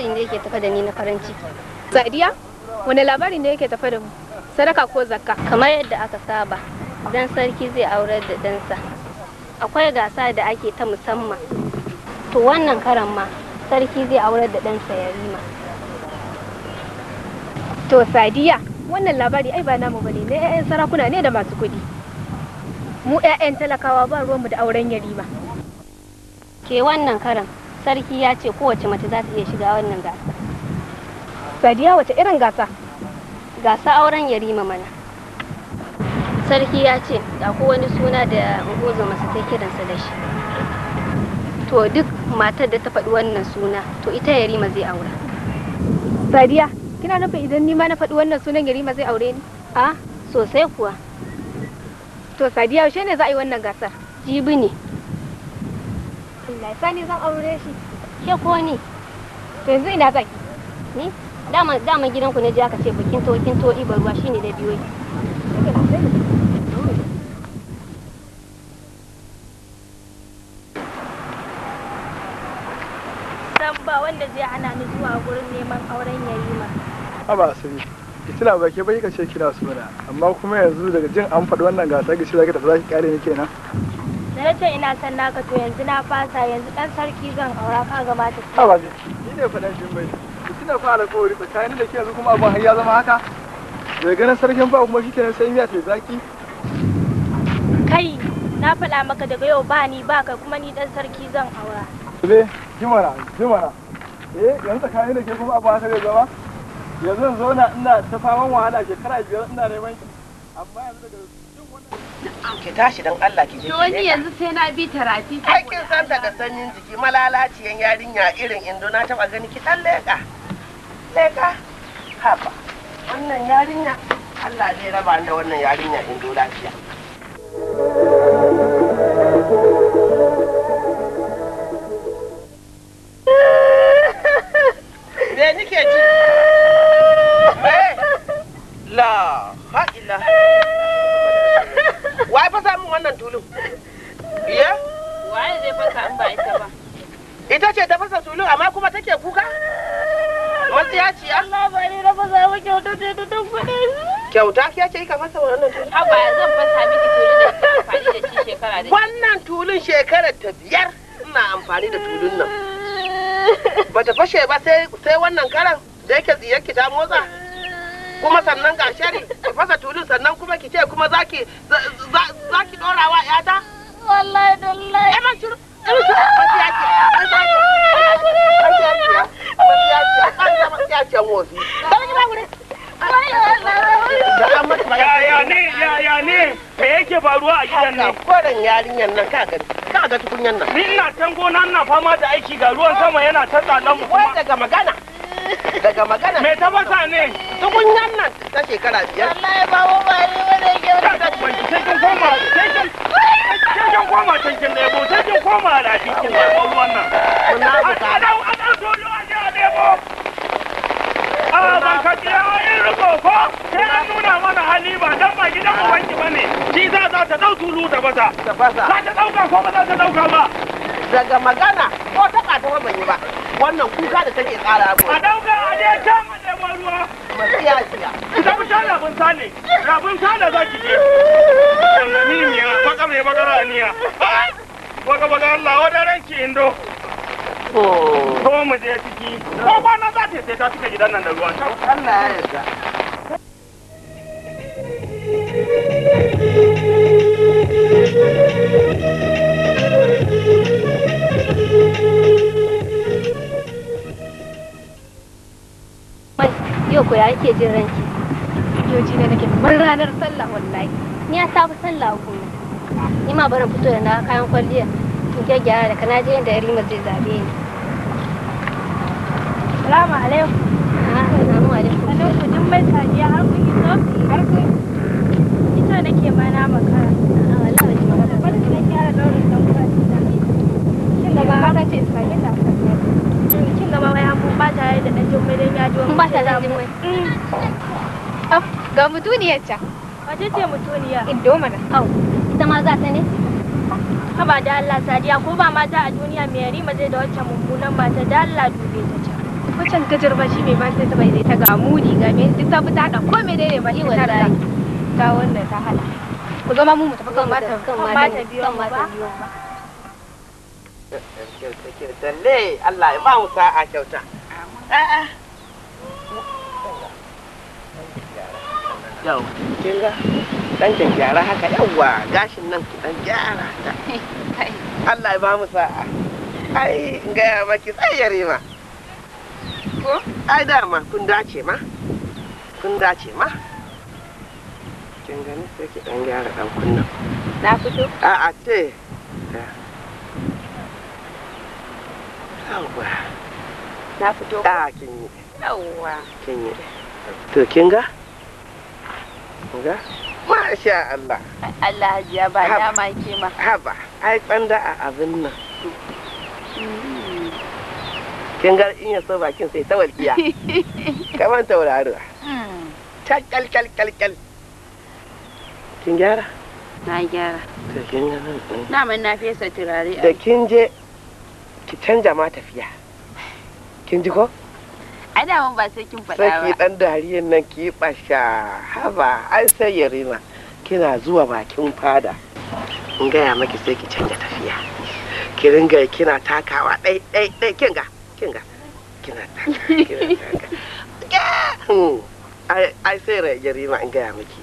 labari ne yake tafa da ni na farin ciki sadiya wani labari ne yake tafa da mu sadaka ko zakka kamar yadda aka saba dan sarki zai aurar da dansa akwai gasa da ake ta musamman to wannan karan ma sarki zai aurar da dansa yarima to sadiya wannan labari ai ba namu bane na 'ya'yan sarakuna ne da masu kuɗi mu 'ya'yan talakawa ba ruwanmu da auren yarima ke wannan karan sarki ya ce kowace mace za ta iya shiga wannan gasa sadiya wace irin gasa gasa auren rima mana sarki ya ce da ko wani suna da ungozo masu ta kiransa da shi to duk matar da ta faɗi wannan suna to ita rima zai aura sadiya kina nufin idan ni ma na faɗi wannan sunan rima zai aure ni a ah, sosai kuwa to sadiya yaushe ne za a yi wannan gasar jibi ne alhamdulillah sani zan aure shi ke ko ne to yanzu ina zaki ni dama dama gidan ku na ji aka ce bakin to kin to ibar ruwa shine da biyoyi san ba wanda zai hana ni zuwa gurin neman auren yarima haba asiri kitila ba ke bai ka ce kina suna amma kuma yanzu daga jin an faɗi wannan gasa gishi zaki tafi ki kare ni kenan da na ce ina son naka to yanzu na fasa yanzu dan sarki zan aura ka ga mata ta a ba ni ne faɗa jin bai kina fa alƙawari tsakanin da ke yanzu kuma abun har ya zama haka da ganin sarkin ba kuma shi kenan sai miya ta zaki kai na faɗa maka daga yau ba ni ba kai kuma ni dan sarki zan aura le jimara jimara eh yanzu tsakanin da ke kuma abun haka zai zama yanzu zauna ina ta faman wahala shekara biyar ina neman ki amma yanzu daga ki tashi dan Allah ki je to ni yanzu sai na bi tarafi ai kin san daga sanyin jiki malalaciyan yarinya irin indo na taba gani ki dan leka leka haba wannan yarinya Allah zai raba da wannan yarinya indo lafiya Me nike ji? Me? La. Wai fa samu wannan tulun? Iya? Waye zai fasa in ba ita ba? Ita ce ta fasa tulun amma kuma take kuka? Wasu ya ce Allah ba ni na fasa wa kyauta ce ta dan kuɗi. Kyauta ke ce ka fasa wannan tulun? Haba zan fasa miki tulun da ta amfani da shi shekara da Wannan tulun shekarar ta biyar ina amfani da tulun nan. Bata fashe ba sai wannan karan da yake ziyarki ta motsa. kuma sannan ƙarshe ne ki fasa tulun sannan kuma ki ce kuma zaki zaki dora wa yata wallahi wallahi eh manshur ya ne Ka yake faruwa a gidan nan koren yarinyar nan ka gani ka ga tukunyan nan ni ina can gona ina fama da aiki ga ruwan sama yana ta tsadan mu kuma daga magana daga magana me sa ne tukunyan nan ta shekara biyar wallahi ba mu ba ni wani wata da ban sai kin koma sai kin sai kin koma sai kin lebo sai kin koma da cikin lebo wannan nan na ta da a da dole a je a lebo a ban ka a yi rubo ko sai an nuna mana hali ba dan ba gidan mu wanki bane shi za ta ta dau tulu da bata ta basa za ta dauka ko ba za ta dauka ba daga magana ko ta ka ta ban yi ba wannan kuka da take tsara ko a dauka a je can a nemo ruwa masiya siya ki tafi can rabin sale rabin sale za ki je annani mai bagara niya baka baka Allah ki indo to oh. mu je ciki ko kwana za ta sai ta cika gidan nan da ruwa Allah ya yarda kike jin ranki yau ji ne nake bar ranar sallah wallahi ni a sabu sallah ku ni ma barin fito da kayan kwalliya in gyara da kana je da rima zai zabe ni salamu alaikum ah salamu alaikum sanin ku din mai sadiya har kun yi so har kun ita nake ma na maka a ah, wallahi ba ji magana ba da kyara daurin dan kwalliya shin da ba ka ce sai islamiyya ba wai haku ba tare da dan jummai dan ya ji wani ba ta da jummai af ga mutuniyar ta wace ce mutuniya indo mana au ita ma za ta ne haba da Allah sadiya ko ba mata a duniya mai yarima zai da wacce mummunan mata da Allah dube ta can wacan gajarba shi mai mata ta bai ta ga mudi ga me duk ta fita da ko me dai ne ba ta da ta wannan ta hala ku zama mu mu tafi kan mata kan mata biyo ba kyauta kyauta le Allah ya ba mu sa'a kyauta yau kin ga dan kin gyara haka yawa gashin nan ki dan gyara Allah ya ba mu sa'a ai in gaya maki ko ai dama kun dace ma kun dace ma kin gani sai ki dan gyara dan kunnan na fito a'a te Yawwa. Na fito. A ah, kin yi. Kin yi. To kin ga? Ga? Masha Allah. Allah hajiya ba dama ke ma. Haba, ai tsanda a abin nan. Hmm. Kin ga in ya so bakin sai ta walƙiya. Kaman tauraro hmm. Kal kal kal kal kal. Kin gyara? Na gyara. Da kin Na eh. na fesa turare. Da kin je ki canja ma tafiya kin ji ko ai da ba sai kin faɗa ba sai ki dan dariyan nan ki basha haba ai sai ya kina zuwa bakin fada in gaya maki sai ki canja tafiya ki ringa kina takawa dai dai dai kin ga kin ga kina takawa kina hmm. ai sai rage rima in gaya miki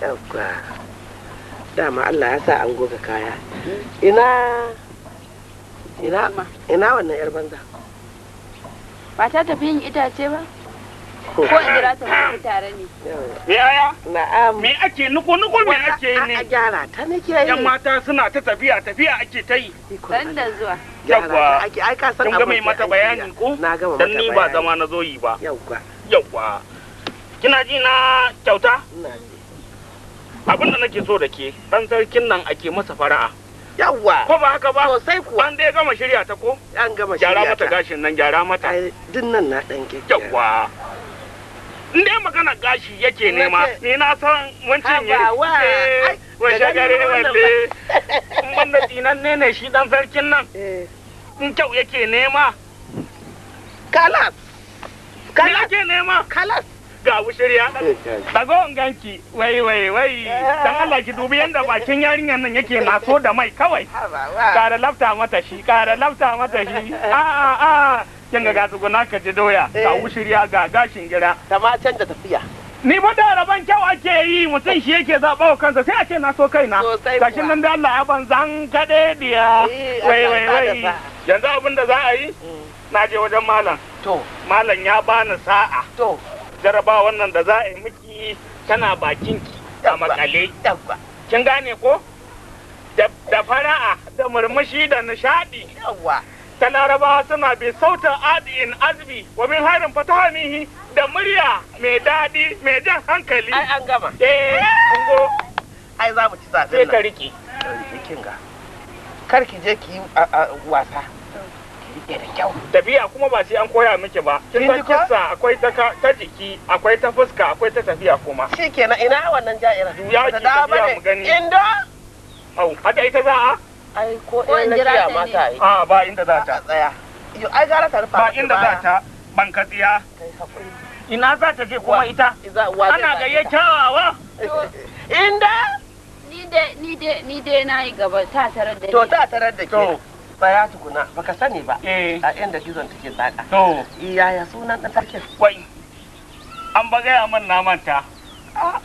yawwa dama Allah ya sa an goga kaya ina ina ina wannan yar banza ba ta tafi yin itace ba ko in jira ta mutu tare ne me aya na'am me ake nuko nuko me ake yi ne a gyara ta nake yi yan mata suna ta tafiya tafiya ake ta yi dan da zuwa yawwa ake ai ka san abin mata bayani ko na gama mata dan ni ba zama na zo yi ba yawwa yawwa kina ji na kyauta abin da nake so da ke ɗan sarkin nan ake masa fara'a yawwa ko ba haka ba sosai kuwa an dai gama shirya ta ko an gama shirya gyara mata gashin nan gyara mata din nan ke yawwa in dai magana gashi yake nema ni na san eh, ne eh. ne shi dan sarkin nan eh. in kyau yake nema kalas kalas nema kalas ga wushirya eh, eh. dago ganki wai wai wai dan Allah ki dubi yanda bakin yarinyar nan yake naso da mai kawai Kare lafta mata shi kare lafta mata shi a a a kin ga tsuguna ka ji doya ga eh. wushirya ga gashin gira da matan da tafiya ni ba da rabon kyau ake yi mutum shi yake zaɓa wa kansa sai a ce na so kaina shi nan da Allah ya ban zan kaɗe diya wai wai wai yanzu abin da za a yi mm. na je wajen malam malam ya bani sa'a jaraba wannan da za a yi miki tana bakin ki a makale kin gane ko da fara'a da murmushi da nishadi ta larabawa suna bi sautin adi'in azbi wa min harin fatahamihi da murya mai daɗi mai jan hankali ai an gama eh kungo ai za mu ci nan sai ta riƙe kar ki je ki wasa rike da kyau tafiya kuma ba sai an koya miki ba kin san kissa akwai ta ta jiki akwai ta fuska akwai ta tafiya kuma shikenan ina wannan ja'ira duya ki tafiya mu gani indo au haka ita za a ai ko in jira ma ta yi a ba inda za ta tsaya yo ai gara ta rufa ba inda za ta ban ka tsiya ina za ta je kuma ita ana gayyatawa inda ni dai ni dai ni na yi gaba ta tarar da to ta tarar da ke ya tukuna baka sani ba eh. a inda gizon take tsaka to eh, yaya sunan ɗan sarkin wai an ba gaya min na manta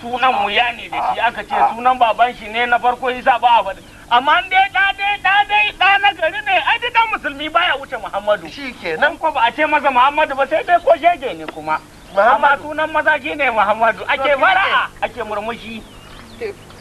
sunan mu ya ne da shi aka ce sunan baban shi ne na farko isa ba a faɗi amma dai da dai da dai da na gari ne ai duk dan musulmi baya wuce muhammadu Nan ko ba a ce masa muhammadu ba sai dai ko shege ne kuma amma sunan maza shi ne muhammadu ake mara, ake murmushi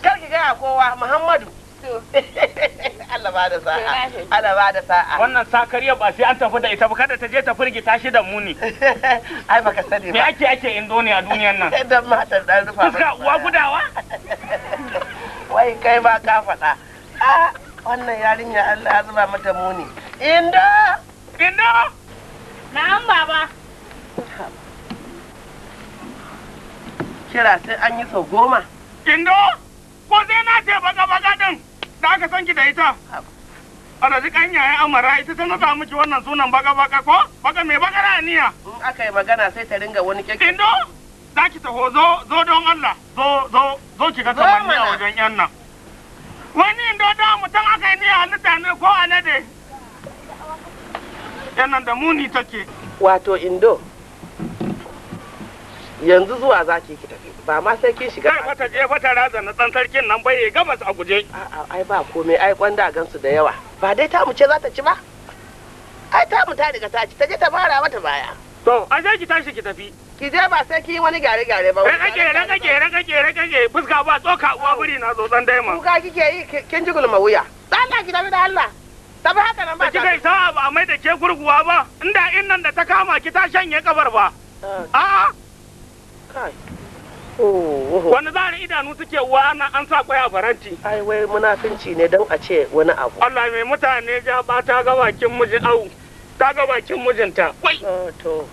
kar ki gaya kowa muhammadu Allah ba da sa'a. Allah ba da sa'a. Wannan sakariyar ba sai an tafi da ita ba kada ta je ta firgita shi da muni. Ai baka sani ba. Me ake ake Indonesia a duniyar nan? Dan matar dan rufa. Fuska uwa gudawa? Wai kai ba ka faɗa. Ah, wannan yarinya Allah ya zuba mata muni. Indo! Indo! Na'am baba. Kira sai an yi sau goma. Indo! Ko sai na ce baka baka din. da aka san ki da ita A da kan yayan amara ita ta nasa miki wannan sunan baka baka ko baka mai baka raniya in aka yi magana sai ta ringa wani keke indo za ki taho zo zo don Allah zo zo zo ki ga niya wajen yan nan wani indo da mutum aka yi niyya halitta ko alade yan nan da muni take wato indo yanzu zuwa za ki ki tafi ba ma sai kin shiga ba ta je fata raza na tsan sarkin nan bai gabas a guje a'a ai ba komai ai kwanda gansu da yawa ba dai ta mu ce za ta ci ba ai ta mu ta daga ta ci ta je ta fara mata baya to an sai ki tashi ki tafi ki je ba sai ki yi wani gare gare ba ran kake ran kake ran kake ran kake fuska ba tsoka uwa buri na zo tsan daima kuka kike yi kin ji gulma wuya Allah ki tafi da Allah ta ba haka nan ba ki kai sa'a ba mai da ke gurguwa ba inda in nan da ta kama ki ta shanye kabar ba ah. a'a wani zari idanu suke wa ana an sa kwaya a faranti ai wai munafinci ne don a ce wani abu Allah mai mutane ja ba ta ga bakin mijin au ta ga bakin mijinta wai oh, to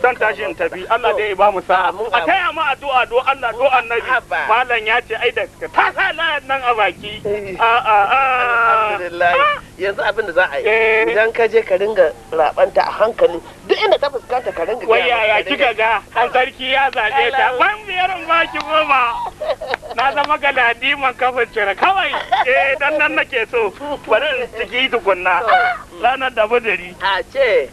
zan tashi in tafi Allah dai ba mu sa'a a taya mu addu'a do Allah do annabi malam ya ce ai da ka ta sa layan nan a baki eh. a ah. yanzu abin da za a yi eh. idan ka je ka ringa rabanta a hankali duk inda ta fuskanta ka ringa wai yaya kika ga a sarki ya zabe ta ban biyarin ki goma na zama galadiman kafin cire kawai eh dan nan nake so bari in ciki tukunna ranar da budiri a ce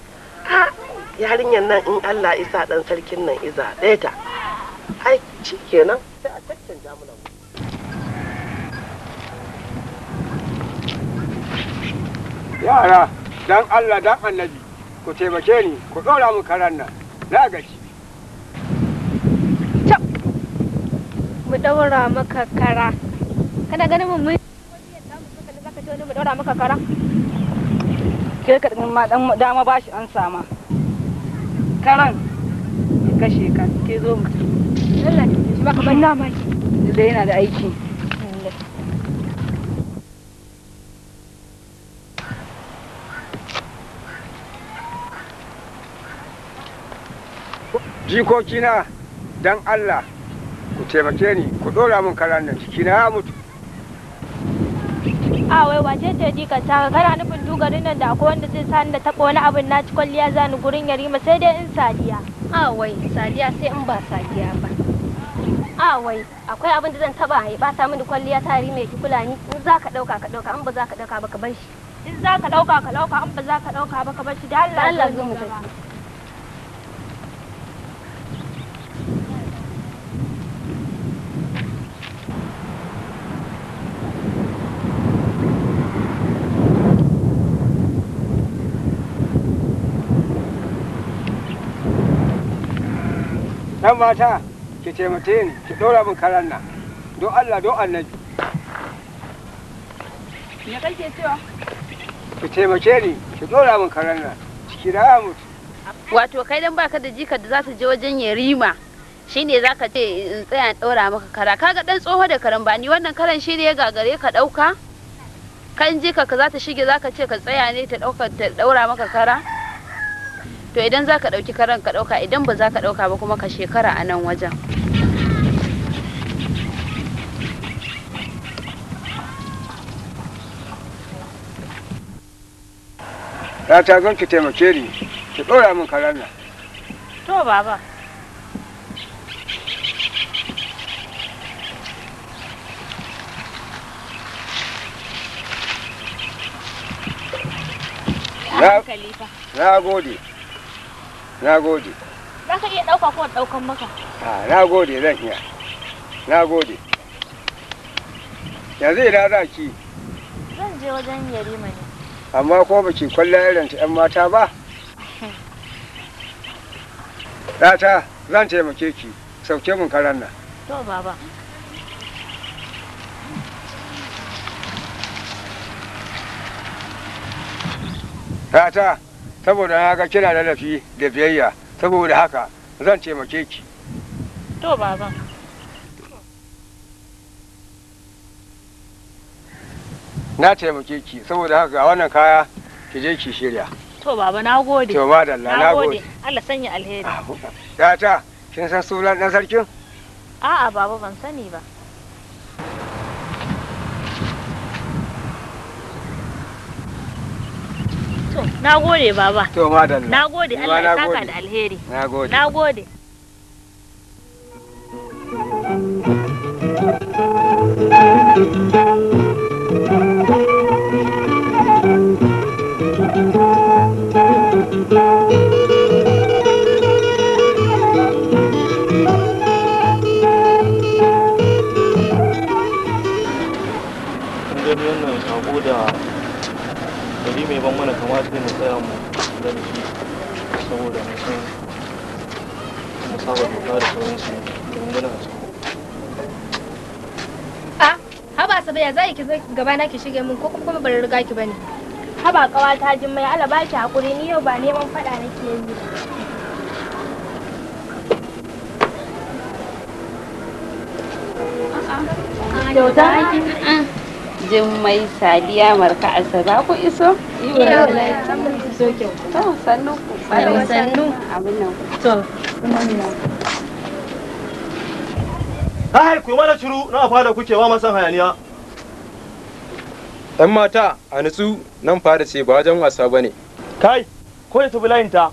yarinyar nan in Allah isa dan sarkin nan iza ɗaya ta ai shi yara dan Allah dan annabi ku taimake ni ku ɗora mu karan nan na gaji mu ɗora maka kara kana ganin mu mun mu ɗora maka kara ke ka ma dama ba shi an sama karan ya kashe ka ke zo mu Allah shi baka Ka dama ki da yana da aiki jikokina don allah ku taimake ni ku ɗora mun karan nan cikina ya mutu a wai wace ce ji ka saka kana nufin dugarin nan da akwai wanda zai sani da taba wani abin na ci kwalliya za ni gurin yarima sai dai in sadiya a wai sadiya sai in ba sadiya ba a wai akwai abin da zan taɓa ya ta mini kwalliya ta yari mai kula ni in za ka ɗauka ka ɗauka in ba za ka ɗauka ba ka bar shi in za ka ɗauka ka ɗauka in ba za ka ɗauka ba ka bar shi da Allah Allah zo mu yan mata ki taimake ni ki ɗora min karan nan don Allah don annabi me kake cewa ki taimake ni ki ɗora min karan nan ciki da mutu wato kai dan baka da jika da za ta je wajen yarima shine zaka ce in tsaya in dora maka kara kaga dan tsoho da karan ba ni wannan karan shi ne ya gagare ka dauka kan jika ka za ta shige zaka ce ka tsaya ne ta dauka ta daura maka kara to idan za ka ɗauki karen ka ɗauka idan ba za ka ɗauka ba kuma ka shekara a nan wajen ya ta gan ki taimake ni ki ɗora min karan nan to baba Na gode. na gode za ka iya ɗauka ko ɗaukan maka a ah, na gode zan iya na gode yanzu ina za ki zan je wajen yarima ne amma ko ba ki kwallon irin ta 'yan mata ba Rata zan taimake ki sauke mun karan nan. To baba. Rata. saboda na ga kina da lafi da biyayya saboda haka zan taimake ki to baba na taimake ki saboda haka a wannan kaya ki je ki shirya to baba na gode to madalla na gode Allah sanya alheri ya ta kin san sunan dan sarkin a'a baba ban sani ba To, baba. To, madalla. Na da alheri. Na gode. Thank you. zai mu tsaya mu da shi saboda mu san mu saba doka da sauransu domin muna so a ah, haba asabe ya zai ki gaba na ki shige min ko kuma bari riga ki bane haba kawa ta jin mai ala baki hakuri ni yau ba neman fada nake yi Kyauta? Ah. Jummai Sadiya Marka Asaba ku iso? To sannu ku. Sannu. Abin nan. To. Ai ku mana shiru na fada kuke ba masan hayaniya. Yan mata a nutsu nan fara ce ba wajen wasa ba ne. Kai, ko da tubi ta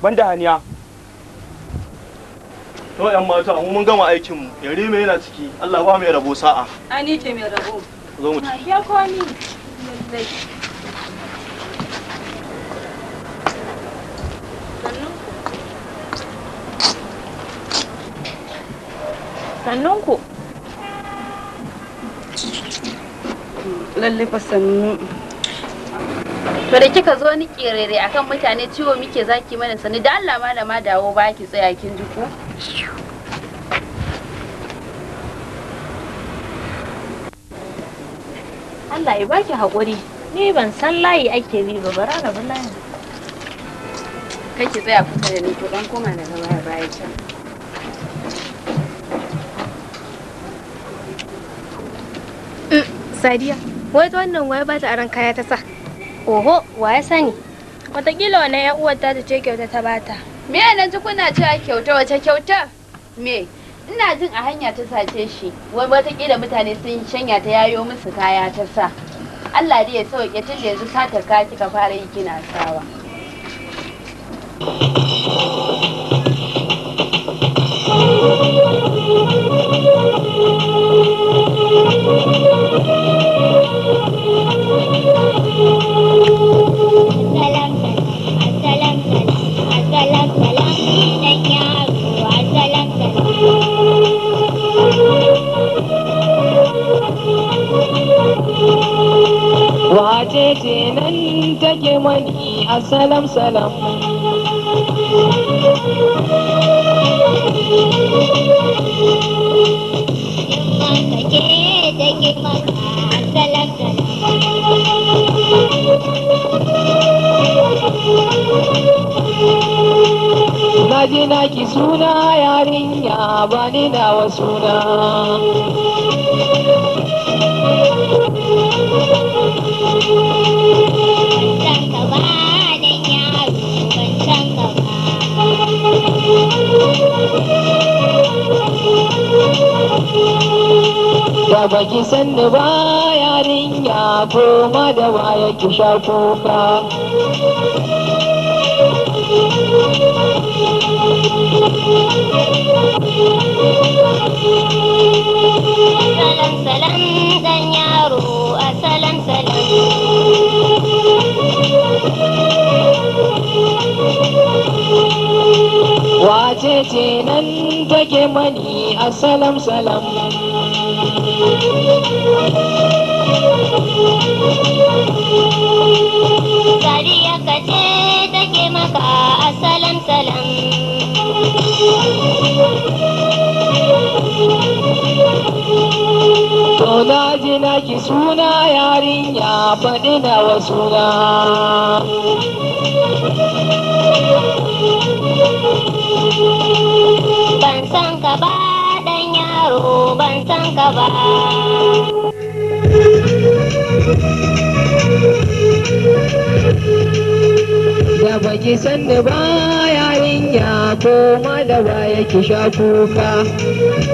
ban da haniya. To ‘yan mata, mun gama aikinmu, yare mai yana ciki, Allah ba mai rabo sa'a. Ani ce mai rabo. zo lalle fa sannu to da kika zo ni kerere akan mutane ciwo muke zaki mana sani da Allah malama dawo ba ki tsaya kin ji ku. Allah ya baki haƙuri. Ni ban san layi ake bi ba bara da bin layin. Kai ki tsaya kusa da ni to dan koma daga baya baya can. Mm, Sadiya, wai wannan wai ba ta aran kaya ta sa. Oho, wa ya sani? Wataƙila wannan ya uwar ta ce kyauta ta bata. Me yana ji kuna cewa kyauta wace kyauta? Me? ina jin a hanya ta sace shi wai watakila mutane sun shanya ta yayo musu kaya ta sa allah dai ya sauke tun da yanzu satar ka fara yi kina sawa ce nan take mani a salam salam Na ji na ki suna yarinya ba ni na wasu suna. da baki san ba yarinya koma da waya ki sha kuka ce nan take mani a salam salam Dariya ka ce take maka a salam salam To na ji na ki suna yarinya faɗi na wa suna baro ban san ka ba da baki sanda ba yayin ya koma da baya ki sha kuka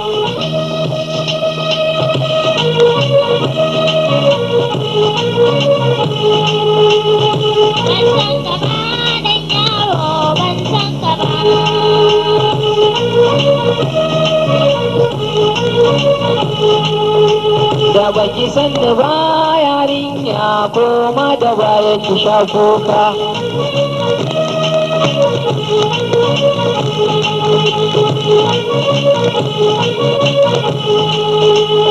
baki san da ba yarinya ko ma da baya ki sha kuka Thank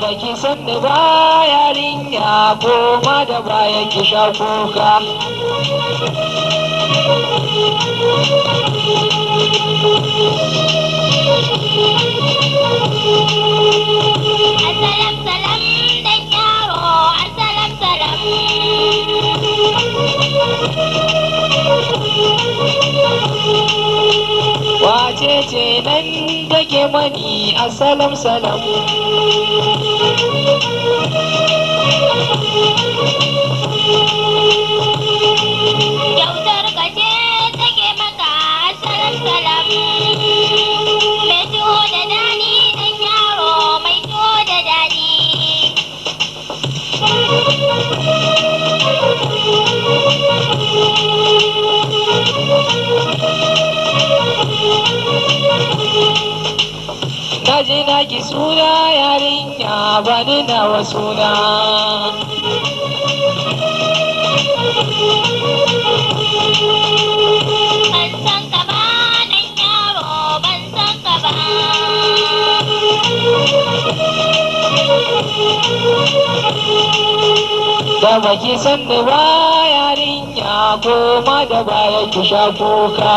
Bakin sanda da yarinya ya koma da baya ki sha kuka Assalam salam wace ce nan take mani a salam a bani na wasu na da baki san da ba yarinya koma da baya ki sha kuka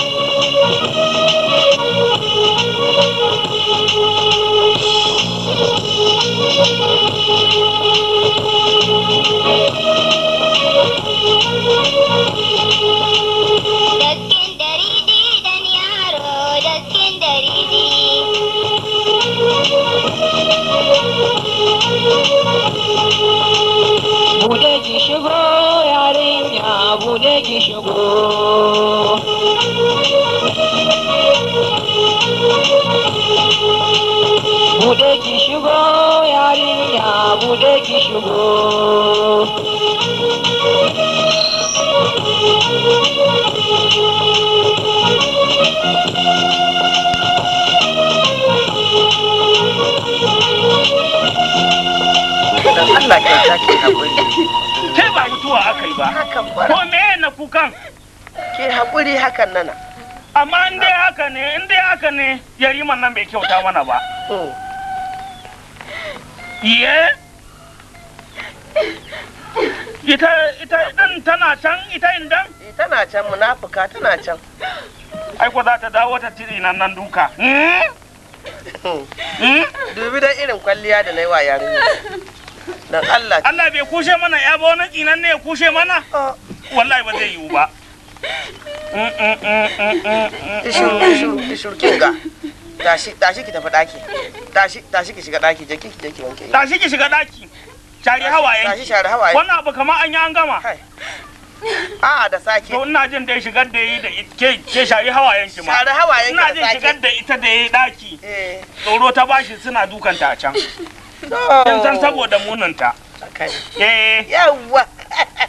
Thank you. Allah kyauta ke haƙuri. Ke ba mutuwa aka yi ba. Ko me na kukan? Ke haƙuri hakan nana. Amma in dai haka ne, in dai haka ne, yariman nan bai kyauta mana ba. Iye? Oh. Ita ita din tana can ita indan? Eh, tana can munafuka tana can. Ai ko za ta dawo ta tiri nan nan duka. Hmm? Dubi da irin kwalliya da na yi wa yarinya. dan Allah Allah bai kushe mana ya ba wani tsinan ne ya kushe mana oh. wallahi ba zai yiwu ba tashi tashi ki tafi daki tashi tashi ki shiga daki je ki je ki wanke tashi ki shiga daki shari hawaye tashi hawaye wannan abu kamar an yi an gama A'a da sake. To ina jin dai shigar da yi da ke ke shari hawayen ma. Shari hawayen Ina jin shigar da ita da yi daki. Eh. Tsoro ta bashi suna dukanta a can. kin san saboda munanta eh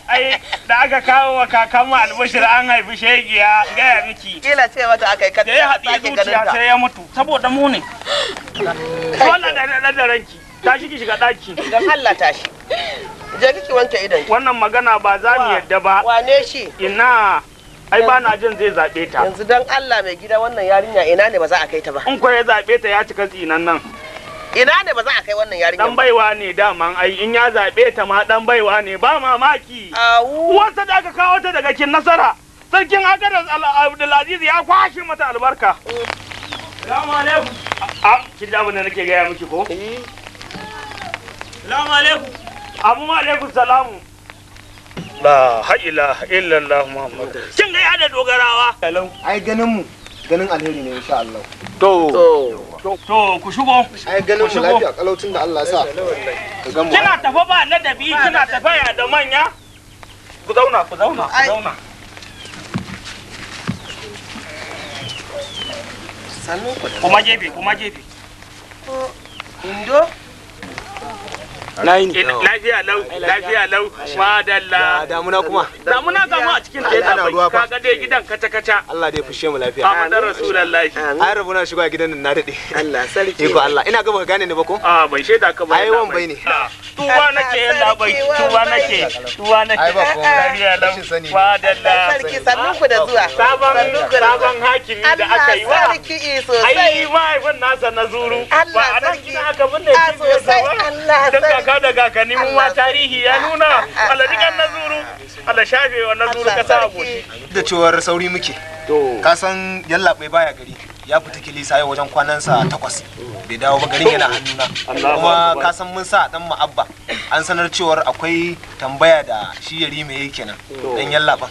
ai da aka kawo wa kakanmu albashir an haifi shegiya gaya miki kila ce mata aka yi da ya haɗi zuciya sai ya mutu saboda muni. ne wannan da da da ranki tashi ki shiga ɗaki don Allah tashi je kiki wanke idan wannan magana ba za mu yadda ba wane shi ina ai ba na jin zai zaɓe ta yanzu don Allah mai gida wannan yarinya ina ne ba za a kai ta ba in kwaye zaɓe ta ya cika tsinan nan ina ne ba za a kai wannan yarinya dan baiwa ne daman ai in ya zabe ta ma dan baiwa ne ba mamaki uwarsa da aka kawo ta daga kin nasara sarkin Agadar abdulaziz ya kwashe mata albarka salamu alaikum a kin da abin da nake gaya miki ko eh. salamu alaikum abu ma alaikum salam la haila illallah muhammad kin ga ya da dogarawa ai ganin mu ganin alheri ne insha Allah to To ku shigo. Ai ganin mu lafiya kalautin da Allah sa. Kina tafa ba ladabi kina tafa da manya. Ku zauna ku zauna ku zauna. ku. Kuma jefe kuma Indo. na yi ne eh, lafiya lau lafiya lau madalla damuna kuma damuna kama a cikin da bai. tafi kaga dai gidan kata kata Allah dai fushe mu lafiya amin rasulullahi ai rabu na shigo a gidan nan na dade Allah sarki ko Allah ina ga baka gane ne ba ko a ah, bai sheda ka ba ai wan bai ne ah, tuwa nake yalla bai tuwa nake tuwa nake ai ba ko lafiya lau madalla sarki sannun ku ah, da zuwa sabon sabon hakimi da aka yi wa sarki sosai ai mahaifin nasa na zuru ba a nan gidan aka binne Allah sarki kaka daga kakanni mun ma tarihi ya nuna Allah na nazuru Allah shafe wa nazuru ka sa aboki da cewar sauri muke ka san yallaɓai baya gari ya fita kilisa yau wajen kwanansa takwas bai dawo ba garin yana hannuna kuma ka san mun sa dan ma'abba an sanar cewar akwai tambaya da shi yari mai yake kenan dan yallaɓa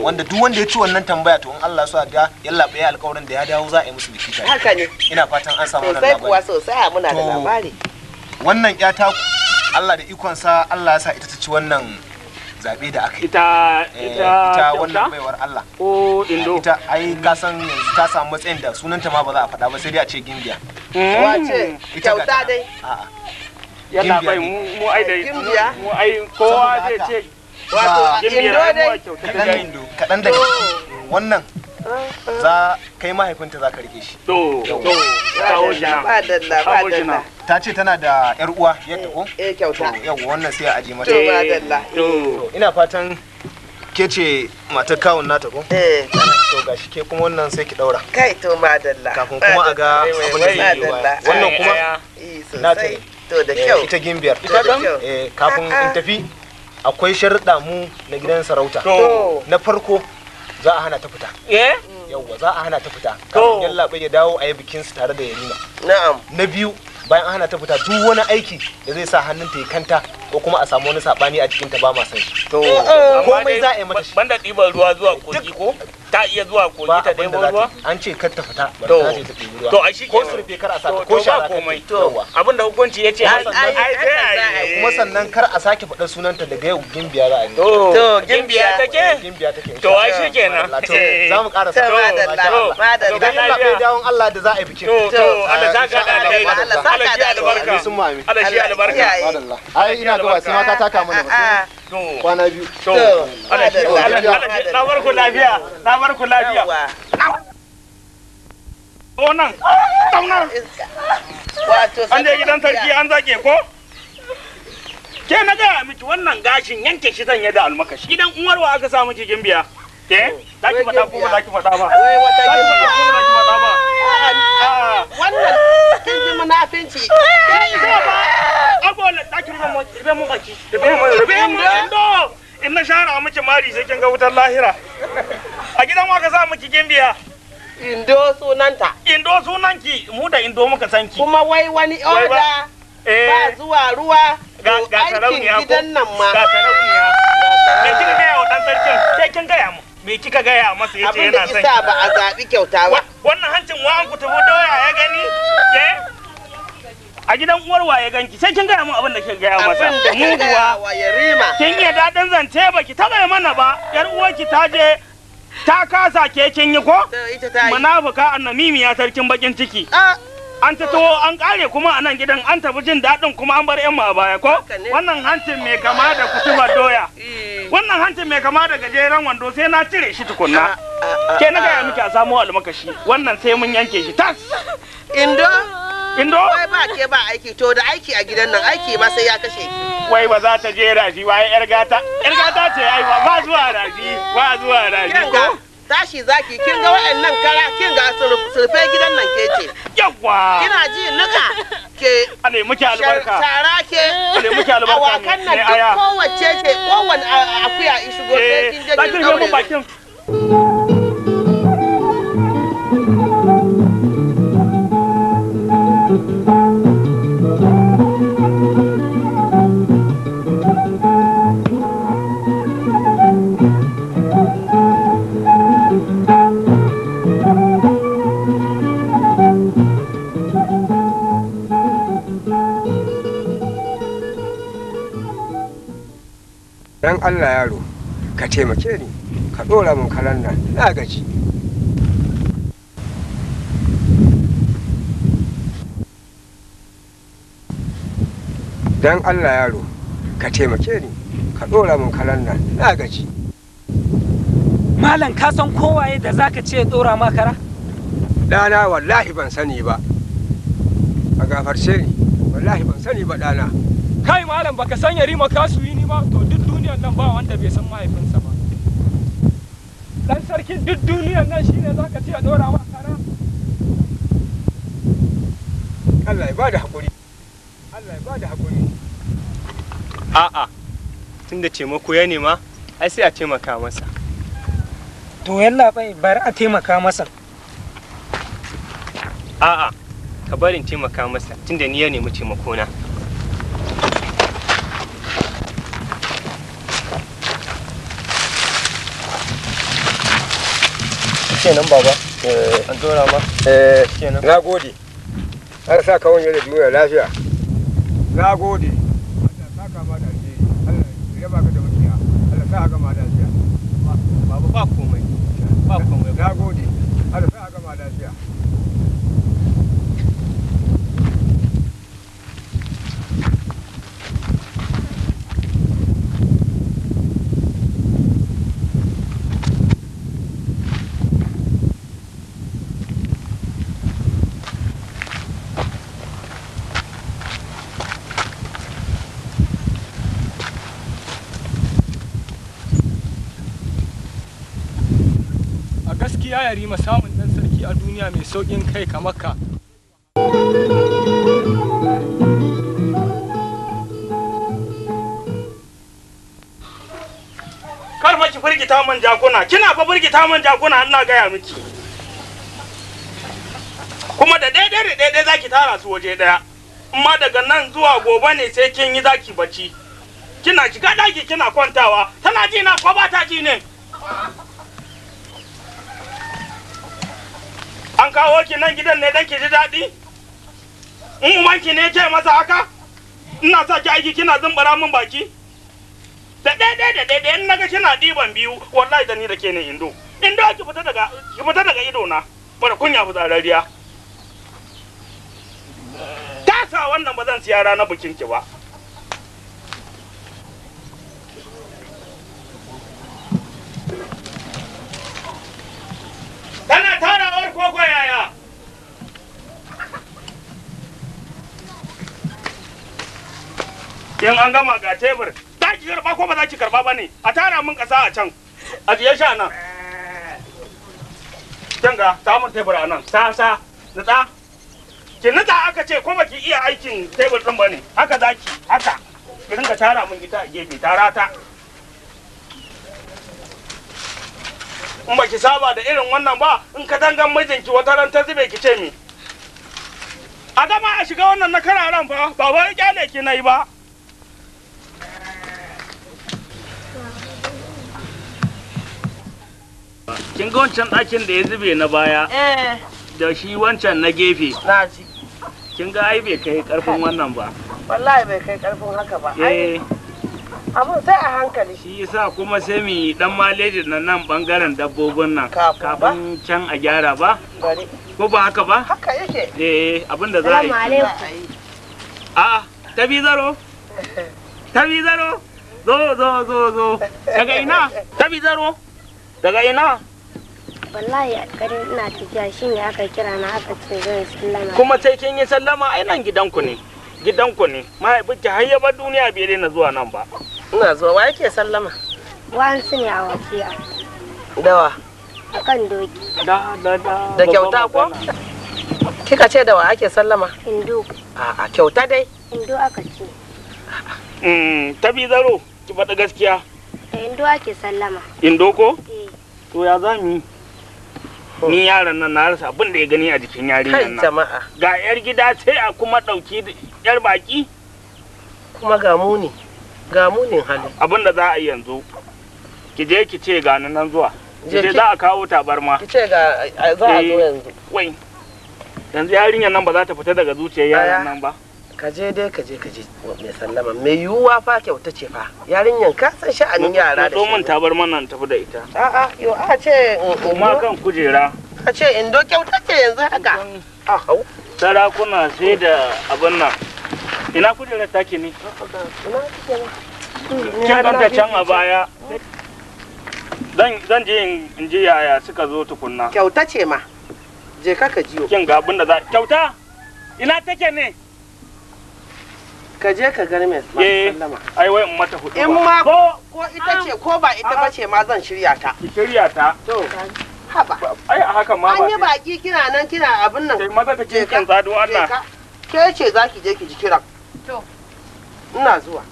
wanda duk wanda ya ci wannan tambaya to in Allah so da yallaɓa ya alƙawarin da ya dawo za a yi musu biki tare haka ne ina fatan an samu wannan labari sai kuwa sosai muna da labari wannan ƴata Allah da ikonsa Allah ya sa ita ta ci wannan zabe da aka ita eh, ita ita wannan baiwar Allah ko indo ita ai ka san yanzu ta samu matsayin da sunanta ma ba za a faɗa ba sai dai a ce gimbiya hmm. wace kyauta dai Ya ta bai mu ai dai mu ai kowa zai ce wato gimbiya ne kyauta da indo kadan da wannan za kai mahaifinta za ka rike shi to to kawo shi ba dalla ba dalla ta ce tana da yar uwa yadda ko eh, eh kyauta Yau, wannan sai a aje mata to ba dalla to ina fatan ke ce matar kawun nata ko eh to gashi ke kuma wannan sai ki daura kai to ma dalla kafin kuma a ga abin da zai yi wannan kuma eh, na ta to da eh, kyau ita gimbiyar ita kam eh kafin in ah, ah. tafi akwai sharuɗa mu na gidan sarauta na farko za a hana ta fita eh? yawwa za a hana ta fita kan yalla bai ya dawo a yi bikin su tare da yarima na'am na biyu bayan an hana ta fita duk wani aiki da zai sa hannunta ya kanta ko kuma a samu wani sabani a cikin ta ba masan shi to komai za a yi mata shi banda ɗiban ruwa zuwa kogi ko ta iya zuwa kogi ta ɗebo ruwa an ce kar ta fita ba ta je ta ɗebi ruwa to a shi ko surfe kar a sata ko sha komai to abinda hukunci yace ai sai kuma sannan kar a sake faɗa sunanta daga yau gimbiya za a yi to gimbiya take gimbiya take to a shi kenan za mu ƙara sa to da dan Allah bai dawon Allah da za a yi bikin to Allah ka da Allah saka da albarka Allah shi albarka ai ina ina ga wasu ah, ah. kwana biyu to na bar ku lafiya na bar ku lafiya wannan an je gidan sarki an zake ko ke na gaya miki wannan gashin yanke shi zan yada da almakashi gidan uwarwa aka samu cikin biya ke za ki faɗa ko ba ko ba wannan kin yi munafinci kai ga ba abola ta kirbe mun kirbe mu baki mun mu kirbe mu in na shara miki mari sai kin ga wutar lahira a gidan waka za miki gimbiya indo sunanta indo sunanki mu da indo muka san ki? kuma wai wani oda eh. ba zuwa ruwa ga sarauniya gidan nan ma ga sarauniya me kin ga wa dan sarkin sai kin ga mu me kika gaya masa yace yana son abin ba a zaɓi kyauta ba wannan hancin wa an ku tafi doya ya gani a gidan uwar waye ganki sai kin gaya mun abin da kin gaya masa mu kuwa kin iya daɗin zance baki taɓa mana ba yar uwarki ta je ta kasa ke kin yi ko munafuka annamimiya sarkin bakin ciki ah! an ta taho an kare kuma a nan gidan an tafi jin daɗin kuma an bar yanmu a baya ko wannan hancin mai kama da kutuba doya eh. wannan hancin mai kama da gajeren wando sai na cire shi tukunna ah, ah, ah, ke na gaya miki a samo almakashi wannan sai mun yanke shi tas indo indo wai ba ke ba aiki to da aiki a gidan nan aiki ma sai ya kashe wai ba za ta je raji wai yar gata yar gata ce ai ba zuwa raji ba zuwa raji ko tashi zaki kin ga wa'annan kara kin ga surfe gidan nan ke ce yawa kina ji nuka ke ne muke albarka tara ke ne muke albarka awakan nan duk kowace ce kowanne akuya ishigo sai eh, kin je kin daure dan allah yaro ka taimake ni ka ɗora mun karan nan na gaji dan allah yaro ka taimake ni ka dora mun karan nan na gaji malam ka san kowaye da zaka ce ɗora ma kara ɗana wallahi ban sani ba a gafarce ni wallahi ban sani ba ɗana kai malam baka san yari makasu yi ni ba to duniyan nan ba wanda bai san mahaifinsa ba dan sarkin duk duniyan nan shine za ka ce a dora wa kara Allah ya ba da haƙuri Allah ya ba da haƙuri a'a tunda taimako ya nema ai sai a taimaka masa to yalla bai bari a taimaka masa a'a ka barin taimaka masa tunda ni ya nemi taimakona kenan baba eh, an dora ma eh, na gode har sa kawon yare duniya lafiya na gode Allah sa ka ma da alheri Allah ya baka da mutiya Allah ma da lafiya baba ba komai ba komai na gode ya rima samun ɗan sarki a duniya mai saukin kai kamar ka karfa firgita man jakuna, kina fa firgita man jakuna ina gaya miki kuma da daidai da daidai zaki tara su waje daya amma daga nan zuwa gobe ne sai kin yi zaki bacci kina shiga daki kina kwantawa tana ji na ko ba ta ji ne an kawo ki nan gidan ne dan ki ji daɗi in umanki ne ke masa haka ina sa ki aiki kina zumbura min baki da ɗaya da ɗaya in naga kina ɗiban biyu wallahi da ni da ke ne indo indo ki fita daga ki fita daga ido na bada kunya zarariya. ta sa wannan ba zan siya ranar bikin ki ba tana tara ko yaya in an gama ga tebur za ki karba ko ba za ki karba ba ne a tara min kasa a can ajiye shi nan can ga samun tebur a nan sa sa nutsa ki nutsa aka ce ko baki iya aikin tebur din ba ne haka za ki haka ki rinka tara min ita a gefe tara ta in ba ki saba da irin wannan ba in ka dangan mijinki wata ran ta zube ki ce mi a dama a shiga wannan na kararan fa ba wai kyale ki nayi ba kin ga wancan ɗakin da ya zube na baya eh. da shi wancan na gefe kin ga ai bai kai karfin wannan ba wallahi bai kai karfin haka ba eh. abun sai a hankali shi yasa kuma sai mu yi dan maleji na nan bangaren dabbobin nan kafin can a gyara ba ko ba haka ba haka yake eh abin da za a yi a ta bi zaro ta bi zaro zo zo zo zo daga ina ta bi zaro daga ina wallahi a kare ina tafiya shin ne aka kira na aka ce zai sallama kuma sai kin yi sallama ai nan gidanku ne gidanku ne mahaifinki har ya ba duniya bai daina zuwa nan ba ina zo wa yake sallama su ne a wafiya. dawa a kan doki da da da da kyauta ko kika ce dawa ake sallama hindu a kyauta dai hindu aka ce mm, ta bi zaro ki faɗi gaskiya hindu ake sallama hindu ko eh. to ya za mu ni yaran nan na rasa abin da ya gani a jikin yarin nan kai jama'a ga yar gida sai a kuma ɗauki yar baki kuma ga muni ga munin hali abin da za a yi yanzu ki je ki ce ga nan zuwa ki ce za a kawo tabarma ki ce ga za a zo eh, yanzu wai yanzu yarinyar nan ba za ta fita daga zuciyar yaran nan ba ka je dai ka je ka je mai sallama mai yiwuwa fa kyauta ce fa yarinyar ka san sha'anin yara da shi mun tabar nan tafi da ita a'a yo a ce kuma kan kujera ka ce indo kyauta ce yanzu haka a sarakuna sai da abin nan ina kujerar take ne kin ganta can a baya zan je in ji yaya suka zo tukunna kyauta ce ma je ka ka jiyo kin ga abin da za kyauta ina take ne ka je ka gani mai eh, sallama ai wai in mata hudu in ma ko ita ce ko ba ita ba ce ma zan shirya ta Ki shirya ta to haba ai haka ma an yi baki kina nan kina abin nan sai maza take kin tsado Allah ke ce zaki je ki ji kiran To. Ina zuwa.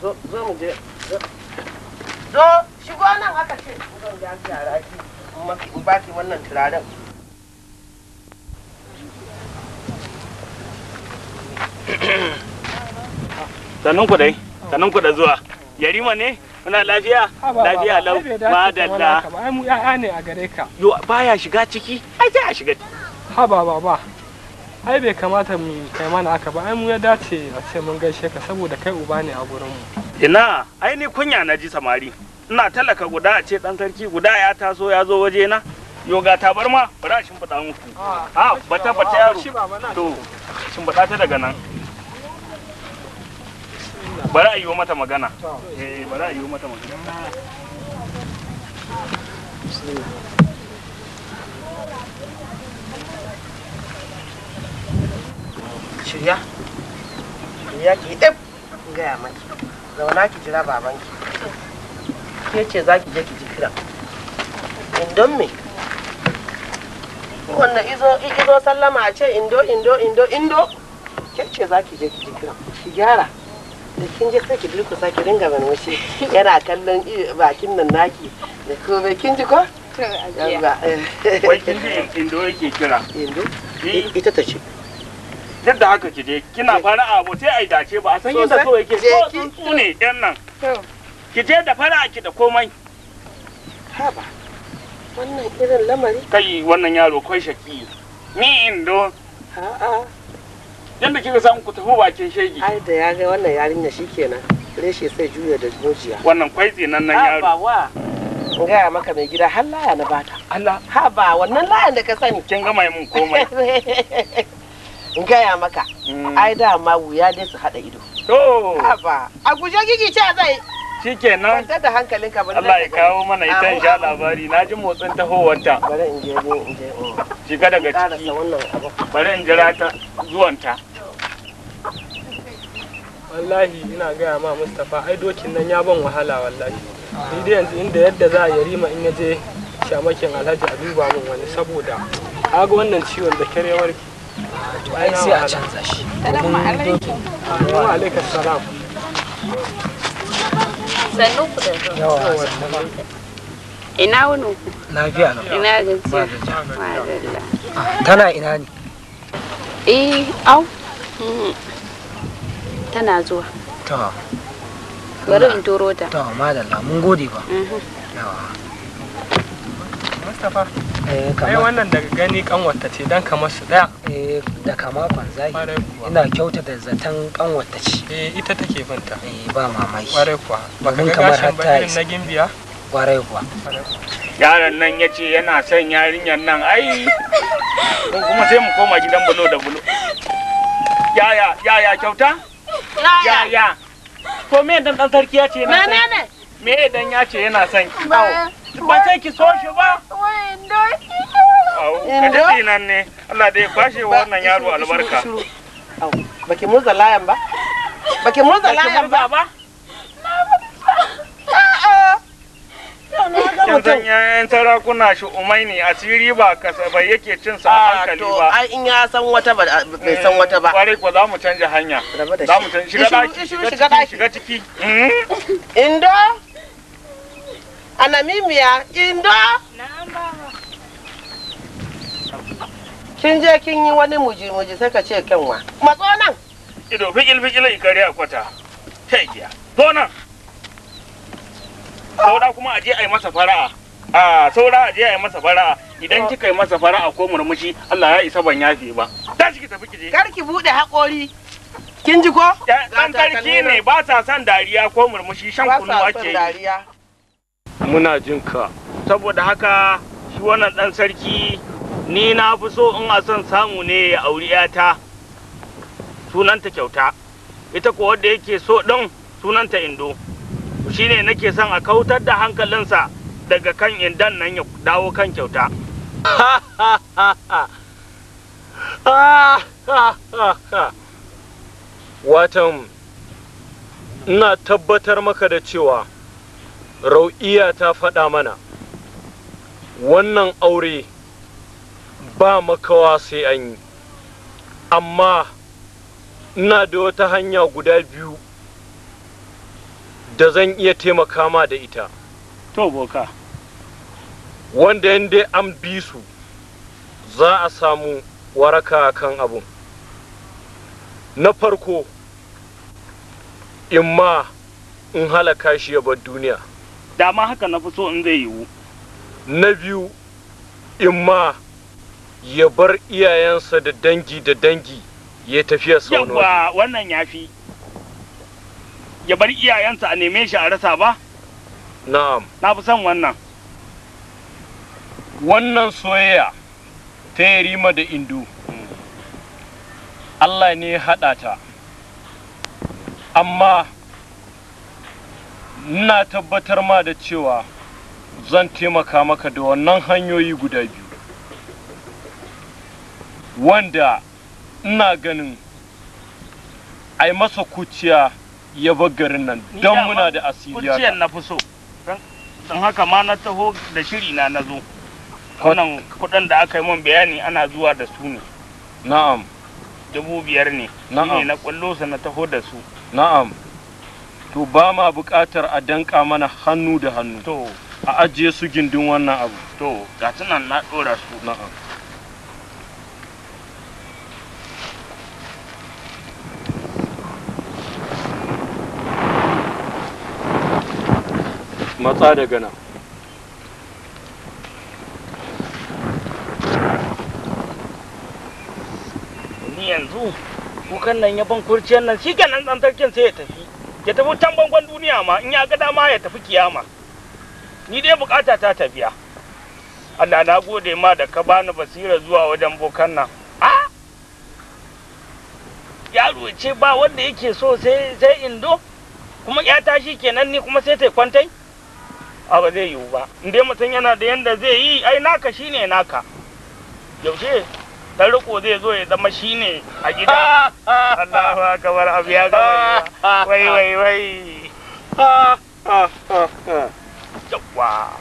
Zo zo mu je. Zo shigo nan haka ce. Zan ga yara ki in ba ki wannan turaren. Sannan ku dai, sannan ku da zuwa. Yarima ne? Muna lafiya? Lafiya lau. Madalla. Ai mu 'ya'ya ne a gare ka. Yo baya shiga ciki? Ai sai a shiga. Ha ba ba ba. ai bai kamata mu kai mana aka ba ai mu ya dace a ce mun gaishe ka saboda kai uba ne a gurin mu ina ai ni kunya na ji samari ina talaka guda a ce dan sarki guda ya taso ya zo waje na ga tabar ma bara shin fada muku ah, a ah, bata bata yaro to shin bada ta daga nan bara a yi mata magana eh bara a yi mata magana shirya shirya ki ɗin gaya mai zauna ki jira babanki ke ce za je ki ji indon me wannan izo izo sallama a ce indo indo indo indo ke ce za je ki ji ki gyara da kin je sai ki durkusa ki ringa murmushi yana kallon bakin nan naki da kome kin ji ko? Wai kin ji indo yake kira. Indo? Ita ta ce. duk da haka ki je kina fara mu sai ai dace ba a san yadda so yake so tsuntsu ne yan nan ki je da fara'a ki da komai haba wannan irin lamari kai wannan yaro kai shaki ni indo a'a yanda kika san ku tafi bakin shege ai da ya ga wannan yarinya shikenan reshe sai juya da mujiya wannan kwai tsinan nan yaro ba ko gaya maka mai gida har laya na bata Allah ha ba wannan layan da ka sani kin ga mun komai in gaya maka mm. ai dama wuya dai su haɗa ido to haba a guje gigi ce zai shikenan ta da hankalinka bari Allah ya kawo mana ita in sha labari na ji motsin tahowarta bari in je in je oh. shiga daga ciki bari in jira ta zuwanta wallahi ina gaya ma Mustapha ai dokin nan ya ban wahala wallahi ni dai yanzu inda yadda za a yari ma in ya je shamakin alhaji a duba min wani saboda ga wannan ciwon da kare warki to ai sai a canza shi wa salam sannu ku da zuwa ina wani na ina gajiya ah, tana ina ne eh au mm-hmm. tana zuwa to bari in turo ta to madalla mun gode ba Mustapha. Eh kamar. Ai wannan daga gani kanwata ce dan kamar su daya. Eh da kama kwanzai. Ina kyauta da zaton kanwata ce. Eh ita take binta. Eh ba mamaki. Kwarai kuwa. ba ka ga gashin ba irin na gimbiya? Kwarai kuwa. Yaron nan ya ce yana son yarinyar nan ai. Kuma sai mu koma gidan bulo da bulo. Yaya yaya kyauta? Yaya. ko me dan dan sarki ya ce na. Menene? me idan ya ce yana son ki ba sai ki so shi ba ka daɗi nan ne Allah da ya kwashe wannan yaro albarka ba ki murza layan ba ba ki murza layan ba ba kin san yayan sarakuna shi umai ne asiri ba kasafai yake cin sa ah, hankali ba ai in ya san wata ba bai san wata ba eh, kwarai ko za mu canja hanya za mu canja shiga daki shiga ciki hmm? indo a namimiya indo kin je kin yi wani muji-muji sai ka ce kanwa matso nan ido fikil fikil ikari a kwata taigiya zo nan saura kuma a je a yi masa fara'a a saura a je a yi masa fara'a idan kika yi masa fara'a ko murmushi Allah ya isa ban yafe ba tashi ki tafi kije kar ki bude haƙori kin ji ko dan karki ne ba ta son dariya ko murmushi shan kunu ake dariya muna jin ka saboda haka shi wannan dan sarki ni na fi so in a son samu ne ya auri yata sunanta kyauta ita ko wadda yake so ɗin sunanta indo shine nake son a kautar da hankalinsa daga kan indan nan ya dawo kan kyauta watan ina tabbatar maka da cewa rau'iya ta faɗa mana wannan aure ba makawa sai an yi amma ina da wata hanya guda biyu da zan iya taimaka ma da ita to boka wanda yadda an bi su za a samu waraka kan abun na farko in ma in halaka shi ya bar duniya dama haka na fi so in zai yiwu na biyu in ma ya bar iyayensa da dangi da dangi ya tafiya sau yawa wannan ya fi ya bar iyayensa a neme shi a rasa ba na'am na fi son wannan wannan soyayya ta rima da indu Allah ne haɗa ta amma ina tabbatar ma da cewa zan taimaka maka da wannan hanyoyi guda biyu wanda ina ganin ai masa kuciya ya bar garin nan don muna da asiriya kuciyar na fi so don haka ma na taho da shiri na na zo wannan kudin da aka yi min bayani ana zuwa da su ne na'am dubu biyar ne na'am ne na kwallo sa na taho da su na'am to ba ma buƙatar a danka mana hannu da hannu to a ajiye su gindin wannan abu to ga tunan na ɗora su na'am matsa da gana yanzu kukan nan ya ban kurciyar nan shi ke nan tarkin sai ya tafi ya tafi can bangon duniya ma in ya ga dama ya tafi kiyama ni dai bukata ta tafiya Allah na gode ma da ka bani basira zuwa wajen bokan nan a yaro ce ba wanda yake so sai sai indo kuma ya tashi kenan ni kuma sai ta kwantai a ba zai yiwu ba in dai mutum yana da yanda zai yi ai naka shine naka yaushe ta riko zai zo ya zama shi ne a gida Allahu kamar abu ya gaba wai wai wai yawa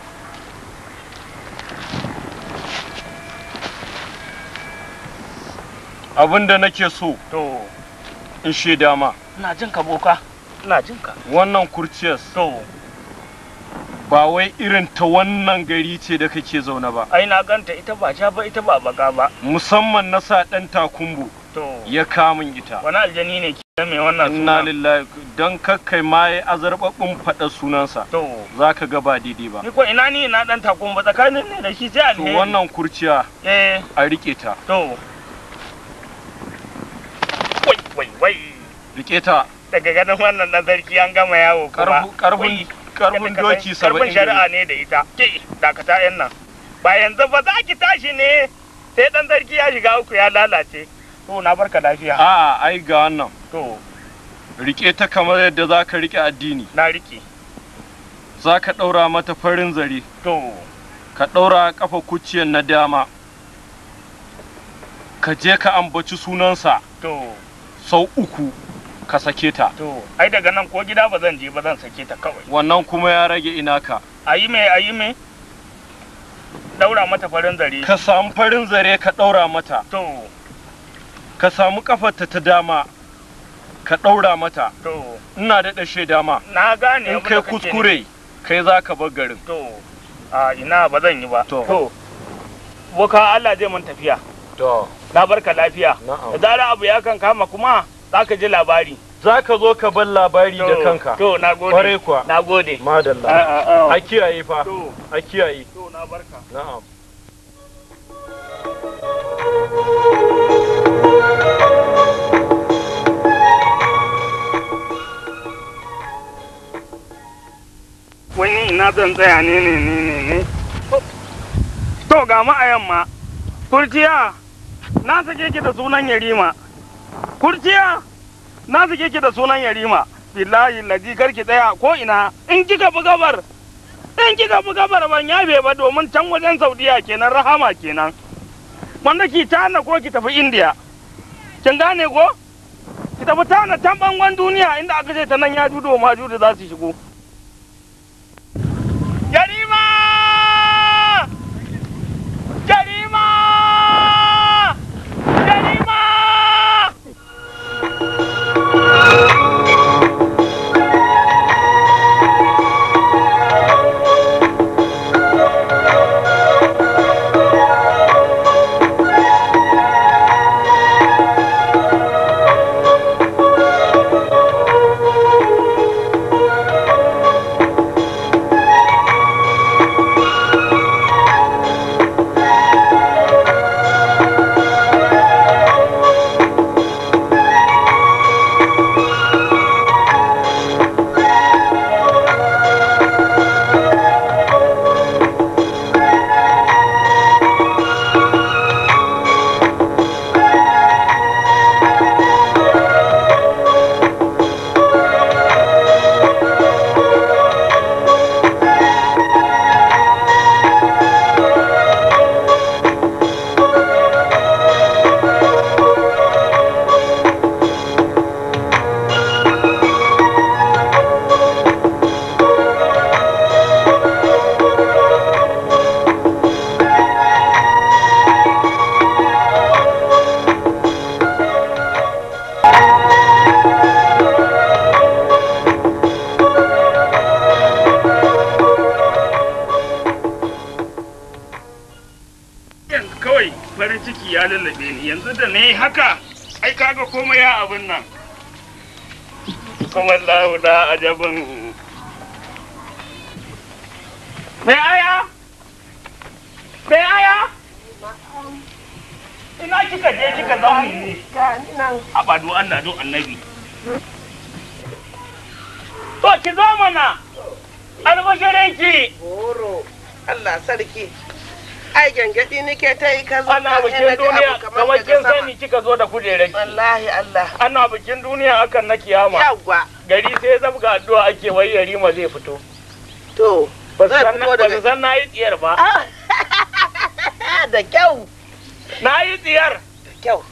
abin da nake so to in shaida ma ina jin ka boka ina jin ka wannan kurciyas to ba wai irin ta wannan gari ce da kake zaune ba ai na ganta ita ba ja ba ita ba baka ba musamman na sa dan takumbu ya kamun ita wani aljani ne ke mai wannan suna inna lillahi dan kakkai ma ya fada sunan sunansa to za ka ga ba daidai ba ni ko ina ni na dan takumbu tsakanin ne da shi sai alheri to wannan kurciya eh a rike ta to wai wai wai rike ta daga ganin wannan dan sarki an gama yawo kuma karfin karfin doki saba'in shari'a ne da ita ke dakata yan nan ba yanzu ba za ki tashi ne sai dan sarki ya shiga uku ya lalace to na barka lafiya a ai ga wannan to rike ta kamar yadda za ka rike addini na rike za ka ɗaura mata farin zare to ka ɗaura kafa kuciyar na dama ka je ka ambaci sunansa to sau uku ka sake ta to ai daga nan ko gida ba zan je ba zan sake ta kawai wannan kuma ya rage ina ka ayi me ayi mai. daura mata farin zare ka samu farin zare ka daura mata to ka samu kafarta ta dama ka daura mata to ina da dashe dama na gane in kai kuskure kai za ka bar garin to a ina ba zan yi ba to boka Allah zai mun tafiya to na barka lafiya da abu ya kan kama kuma za ka ji labari za ka zo ka bar labari da kanka to na gode kware kuwa na gode madalla ah, ah, ah. a kiyaye fa a kiyaye to na barka na'am wani ina zan tsaya ne ne ne ne ne to ga ma'ayan ma kurciya na sake ki da sunan yarima kurciya na zike ki da sunan yarima billahi ladi ki tsaya ko ina in kika bi gabar in kika bi gabar ban yafe ba domin can wajen saudiya kenan rahama kenan wanda ki tana ko ki tafi indiya kin gane ko ki tafi tana can bangon duniya inda aka ce ta nan ya judo ma judo za su shigo ajabin mai aya mai aya ina kika je kika zauni ne abadu Allah don annabi to ki zo mana albashirinki Allah sarki ai gangan kike ta yi ka zo ana bikin duniya kamar wajen sani kika zo da kujerar wallahi Allah ana bikin duniya akan na kiyama yawwa gari sai zabga addu'a ake wai yarima zai fito to ba su san na yi tiyar ba ah. da kyau na yi tiyar da kyau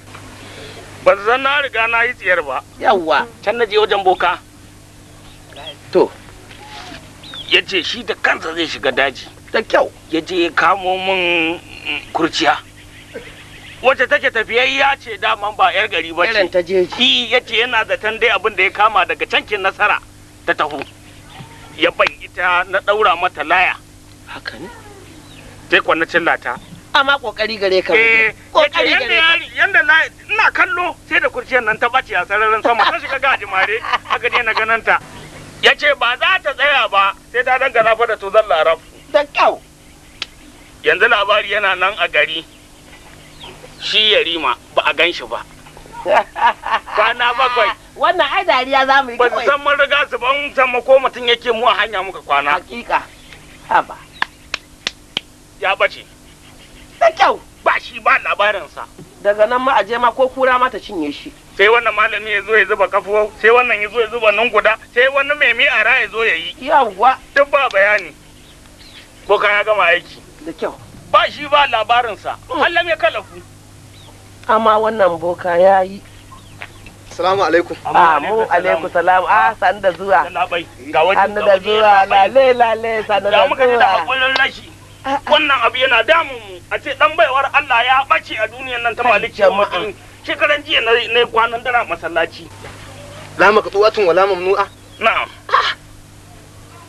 ba su san na riga na yi tiyar ba yawwa can na je wajen boka to ya ce shi da kansa zai shiga daji da kyau ya je ya kamo min kurciya wacce take tafiyayya ce daman ba yar gari ba ce ta jeji yace yana zaton dai abin da ya kama daga cankin nasara ta taho ya bai ita na daura mata laya haka ne sai kwanna cillata amma kokari gare ka kokari eh, gare ka yanda ina kallo sai da kurciyar nan ta bace a sararin sama ta shiga gajimare aka gani na ta. yace ba za ta tsaya ba sai ta dangana fa da zalla rafu da kyau yanzu labari yana nan a gari shi ya rima ba a gan shi ba kwana bakwai wannan ai dariya za mu yi ba san mun riga su ban san ko mutum yake mu a hanya muka kwana hakika haba ya bace da kyau ba shi ba labarin sa. daga nan ma aje ma ko kura ma ta cinye shi sai wannan malami ya zo ya zuba kafo sai wannan ya zo ya zuba nan guda sai wani mai mi'ara ya zo ya yi yawwa duk ba bayani ko ya gama aiki da kyau ba shi ba labarinsa hmm. Allah mai kalafu amma wannan boka ya yi salamu alaikum amu alaikum salamu a ah, sanda zuwa Sanda da zuwa lale lale sanda da zuwa da da hakurin rashi ah, ah. wannan abu yana damun mu a ce dan baiwar Allah ya bace a duniyar nan ta maliki shekaran jiya na kwanan dara masallaci la maqtu'atun wala mamnu'a na'am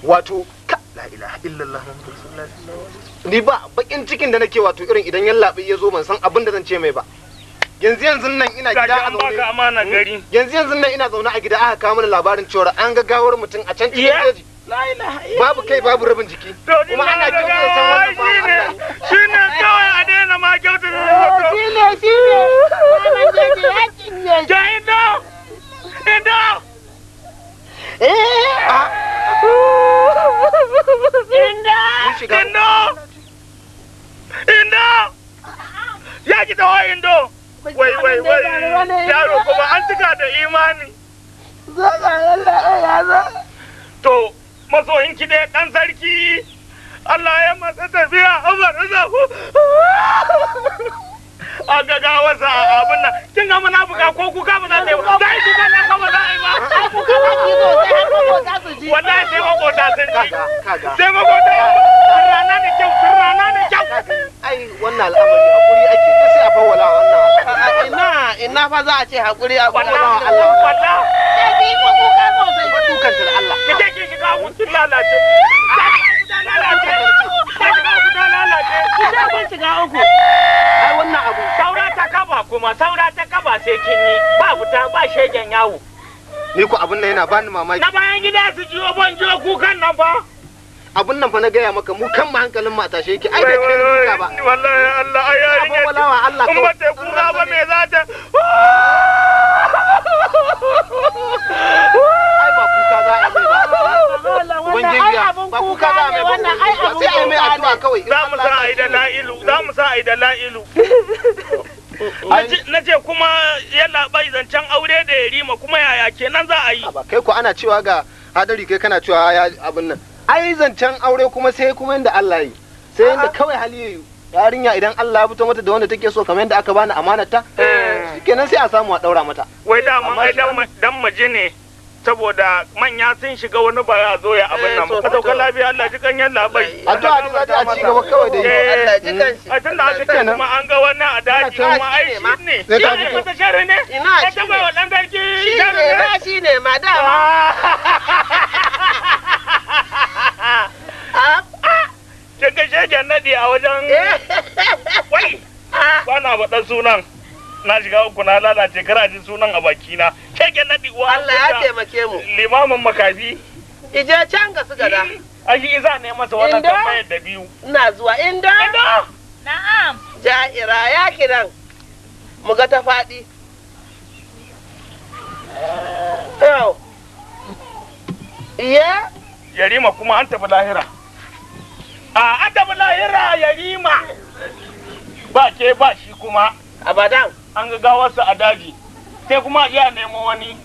wato la ilaha illallah muhammadur rasulullah ni ba bakin cikin da nake wato irin idan yallaɓe ya zo ban san abin da zan ce mai ba yanzu yanzu nan ina gida a zaune hmm. yanzu yanzu nan ina zaune a gida aka kawo mana labarin cewa an ga gawar mutum a can cikin jeji babu kai babu rabin jiki kuma ana kyau san wannan ba indo wai wai wai yaro kuma an da imani to masoyin ki dai dan sarki Allah ya masa tafiya Umar a gaga abin nan kin ga munafuka ko kuka ba za ta yi nan za a yi ba sai makota ji sai makota sun rana ne kyau rana ne kyau ai wannan al'amari ake sai a ina ina fa za a ce hakuri a Allah bi ku ka so sai da Allah ki lalace ah! lalace ah! lalace ah! ki shiga uku ai wannan abu saura ta kaba kuma saura ta kaba sai kin yi ba wuta ba shegen yawo ni ko abun nan yana bani mamaki na bayan gida su jiyo ban jiyo kukan nan ba abun nan fa na gaya maka mu kan hankalin mata shi yake ai bai kai ka ba wallahi Allah ai ya rike wallahi Allah ko ba me za ta kuka mu sa ai la'ilu na ce kuma yalla zancen aure da ya kuma yaya kenan za a yi kai ku ana cewa ga hadari kai kana cewa abin nan ai zancen aure kuma sai kuma yanda Allah yi sai yanda kawai hali ya yi. yarinya idan Allah ya fito mata da wanda take so kamar yadda aka bani amanata, eh. kenan sai a samu a daura mata wai da mun ai dan maji ne saboda manya sun shiga wani ba ya zo ya abin nan eh, ka dauka lafiya Allah ji kan yalla bai addu'a ne za a ci gaba kawai da eh. Allah ji kan shi a tunda aka ce kuma an ga wani a daji kuma ai shi ne sai ta ji ta share ne ina ci ne wannan garki shi ne ma dama Kin ga shegen naɗi a wajen eh. wai ba na faɗa sunan. Na shiga uku na lalace kana ji sunan a baki na. Shegen naɗi uwa. Allah ya taimake mu. Limamin makafi. Ije can ga su gada. Eh. Ashi iza ne masa wannan tambayar da biyu. Ina zuwa inda. Inda. Na'am. Ja'ira ya kiran. Mu ga ta faɗi. Yeah. yarima kuma an tafi lahira a an tafi lahira yarima ba ke ba shi kuma abadan an ga gawarsa a daji sai kuma iya nemo wani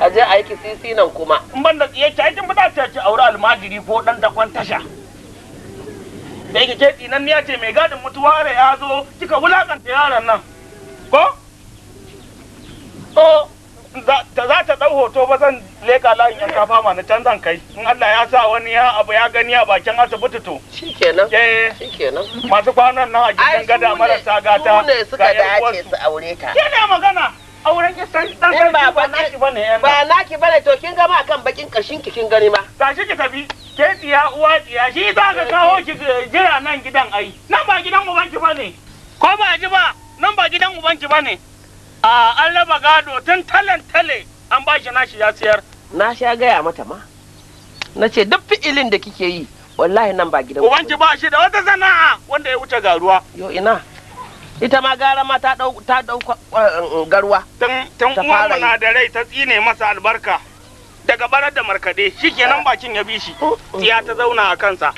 a je a yi nan kuma in ban da tsiye ta kin ba ta ci aure almajiri ko dan dakon tasha da yake ke tsinan ya ce mai gadin mutuwa da ya zo kika wulakanta yaran nan ko? Oh. za ta ɗau hoto ba zan leƙa layin yan kafa ma na can zan kai in Allah ya sa wani ya abu ya gani a bakin asibiti to shikenan eh. shikenan masu kwanan nan a gidan gada marasa gata ga ne suka dace su aure ta kina magana auren ki san dan eh, sarki ba naki bane eh. ba naki bane to kin ga ma kan bakin kashin ki kin gani ma tashi ki tafi ke tsiya uwa tsiya shi za ka kawo ki jira nan gidan ai nan ba gidan ubanki bane ko ba ji ba nan ba gidan ba bane a an gado tun talen tale an ba shi nashi ya siyar na sha gaya mata ma na ce duk fi'ilin da kike yi wallahi nan ba gidan ubanci ba shi da wata sana'a wanda ya wuce garuwa yo ina ita ma gara ma ta dau ta dau um, um, garuwa tun uwa na da rai ta tsine masa albarka daga barar da markade shikenan ah. bakin ya bi shi oh, oh. tiya ta zauna a kansa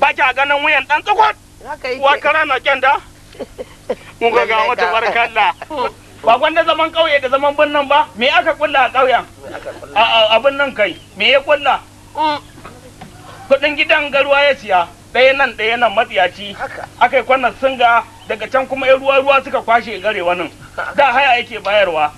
ba ki ganin wuyan dan tsakwat wa kara na kyanda mun ga ga mata barkalla ba gwanda zaman ƙauye da zaman birnin ba me aka kulla a kauyen abin nan kai me ya kulla mm. kudin gidan garuwa ya siya ɗaya nan ɗaya nan matsiyaci aka yi kwanan singa daga can kuma ya ruwa ruwa suka kwashe gare wani da haya yake bayarwa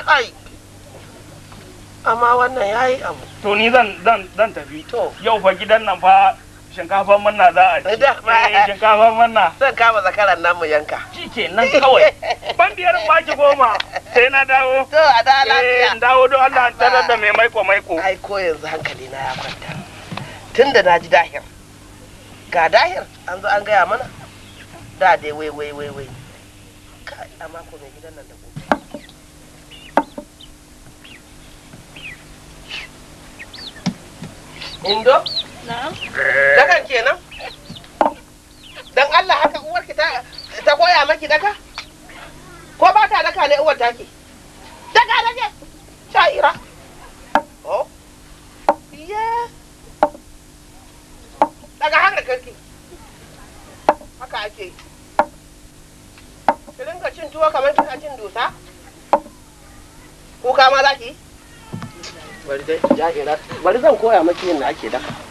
amma wannan ya yi abu to ni zan tafi yau fa gidan nan fa shinkafa manna za a ci eh manna zan kama zakaran nan mu yanka ke nan kawai ban biyar baki goma sai na dawo to a da eh, lafiya eh dawo don Allah tarar da mai maiko maiko ai ko yanzu hankali na ya kwanta tunda na ji dahir ga dahir an zo an gaya mana da dai wai wai wai wai kai amma ko mai gidan nan da gobe Indo? Dakan kenan? Don Allah haka uwarki ta ta koya maki daka? Ko ba ta daka ne uwar take? Daga dake. Sha'ira. Oh. Yeah. Daga hankalki. Haka ake yi. Ki rinka cin tuwo kamar kina cin dusa? Kuka ma za ki yi? Bari dai, jahira. Bari zan koya maki yin ake daka.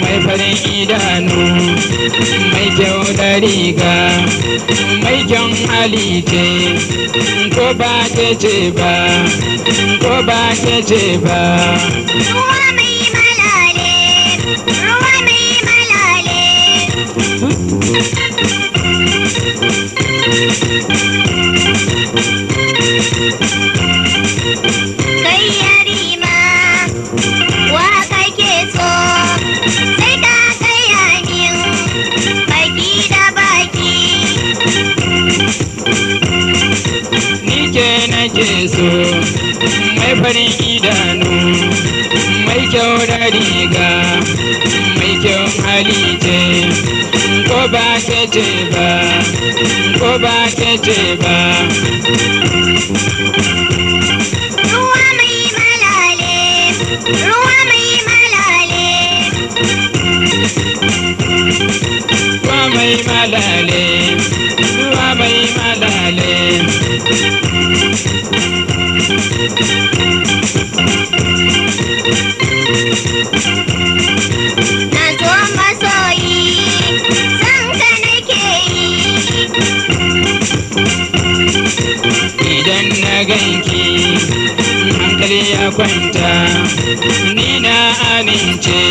mai farin idanu mai kyau da riga mai kyau halite ko ba ke ce ba ko ba ke ce ba ba ke ba ko ba ke ba ruwa mai malale ruwa mai malale ruwa mai malale ruwa mai malale kwanta ni na amince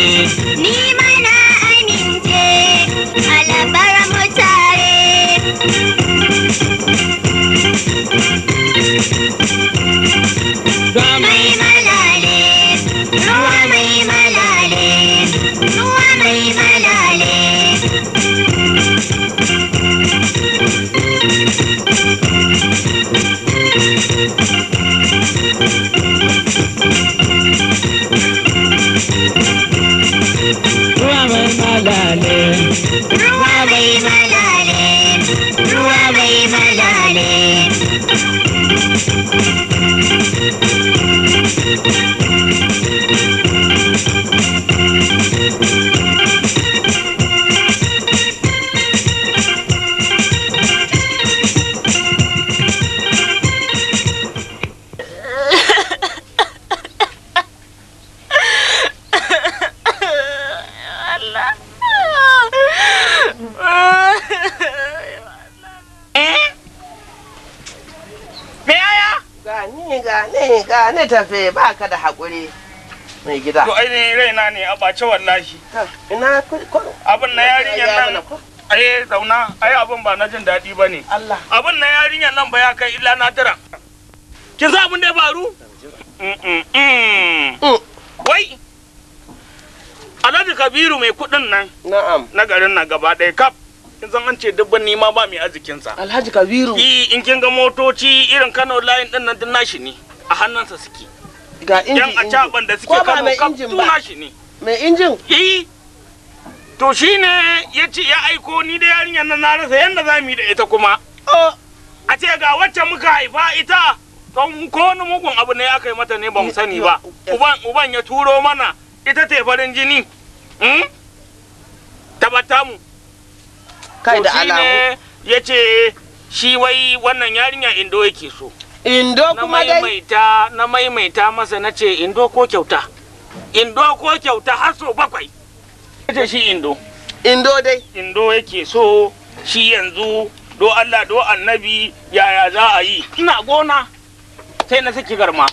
aure mai gida to ainihin raina ne a ɓace wallahi ina abin na yarinyar nan ai zauna ai abin ba na jin daɗi ba ne abin na yarinyar nan ba ya kai illa na tara kin san abin da ya faru mm. wai alhaji kabiru mai kuɗin nan na'am na garin na gaba ɗaya kaf kin zan an ce dubban nima ba mai arzikinsa alhaji kabiru in kin ga motoci irin kano line ɗin nan din nashi ne a hannunsa suke ga inji da suke kano eh. to shine ya ya aiko ni da yarinyar nan na rasa yanda za mu yi da ita kuma a ce ga wacce muka haifa ita to ko wani mugun abu ne aka yi mata ne ba mu sani ba uban uban ya turo mana ita ta farin jini hmm? tabata mu kai da alamu ya ce shi wai wannan yarinya indo yake so indo kuma dai maimaita na maimaita masa na ce indo ko kyauta indo ko kyauta har so bakwai ita shi indo indo dai indo yake so shi yanzu do Allah do annabi yaya za a yi ina gona sai na saki garma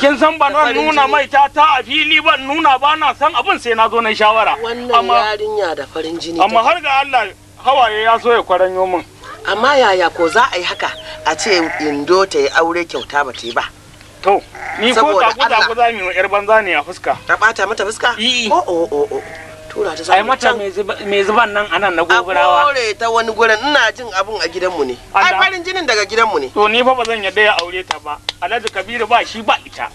kin san ban nuna mai ta ta a fili ban nuna ba na san abin sai na zo na shawara wannan yarinya da farin jini amma har ga Allah hawaye ya so ya kwaranyo min amma yaya ko za a yi haka a ce indo ta yi aure kyauta ba ta yi ba to ni ko ta ko ta ko za mu yar banza ne a fuska ta bata mata fuska o o o o tura ta sai mata mai zuban nan anan na gogurawa a kore ta wani gurin ina jin abun a gidanmu ne ai farin jinin daga gidanmu ne to ni fa ba zan yadda ya aure ta ba alhaji kabiru ba shi ba ita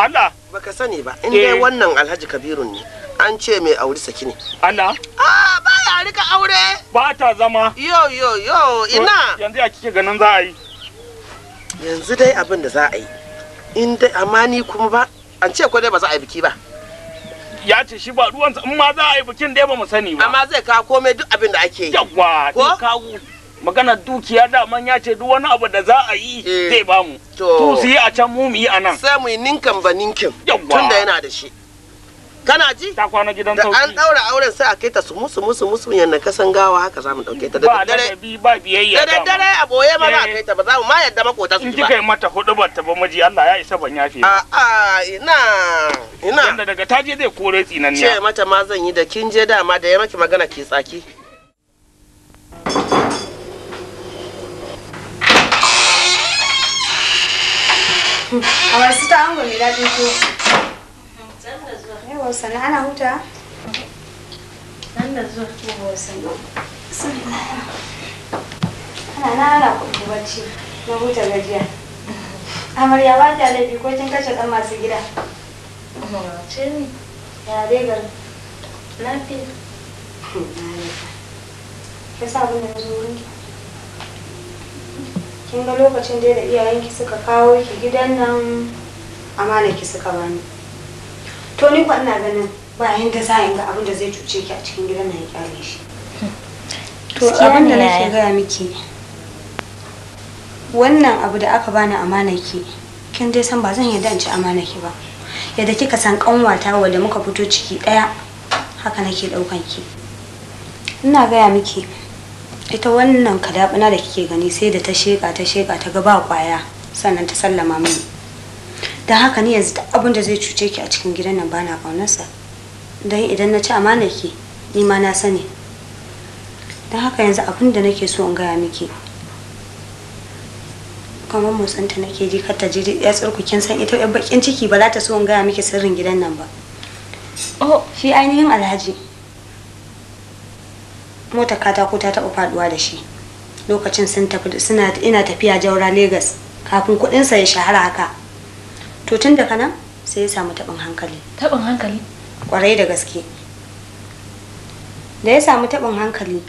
Allah baka sani ba in dai eh. wannan Alhaji Kabiru ne an ce mai auri saki ne Allah a baya rika aure ba ta zama yo yo yo ina yanzu ya kike ganin za a yi yanzu dai abin da za a yi in dai amma ni kuma ba an ce ko dai ba za a yi biki ba ya ce shi ba sa. in ma za a yi bikin dai ba mu sani ba amma zai kawo komai duk abin da ake yi yawa ko kawo magana dukiya daman ya ce duk wani abu da za a yi eh. zai ba mu to su yi a can mu mu yi a nan sai mu yi ninkan ba ninkin tunda yana da shi kana ji ta kwana gidan sauki da an daura auren sai a kai ta su musu musu musu yannan kasan gawa haka za mu dauke ta da dare ba biyayya da dare a boye ma a eh. kai ta ba za mu ma yadda makota su ba in kika mata hudu ba ta ba maji Allah ya isa ban yafe a a ina ina yanda daga taje zai kore tsinanniya ce mata ma zan yi da kin je dama da ya maki magana ki tsaki a wasu ta ango mai ko yawa sana ana huta zuwa ana na ana kuɗi bacci na huta gajiya amarya ba ta laifi ko kin kashe ɗan masu gida ce ne ya dai gar lafiya ya sa abin da ya zo wurin kin ga lokacin da da iyayenki suka kawo ki gidan nan amana ki suka bani to ni ko ina ganin ba yanda za in ga abin da zai cuce ki a cikin gidan nan ya kyale shi hmm. to abin da nake gaya miki wannan abu da aka bani amana ki kin dai san ba zan yarda in ci amana ki ba yadda kika san kanwata wadda muka fito ciki daya haka nake daukan ki ina gaya miki ita wannan kadabana da kike gani sai da ta sheka ta sheka ta ga ba kwaya sannan ta sallama mini da haka ni yanzu duk abin da zai cuce ki a cikin gidan nan bana kaunarsa don idan na ci amana ki ni ma na sani don haka yanzu abin da nake so in gaya miki kamar ta nake ji kar ta je ya tsirku kin san ita yar bakin ciki ba za ta so in gaya miki sirrin gidan nan ba oh shi ainihin alhaji motar katako ta taɓa faduwa da shi lokacin sun tafi suna ina tafiya jaura Legas kafin kuɗinsa ya shahara haka to tun daga nan sai ya samu taɓin hankali taɓin hankali kwarai da gaske da ya samu taɓin hankali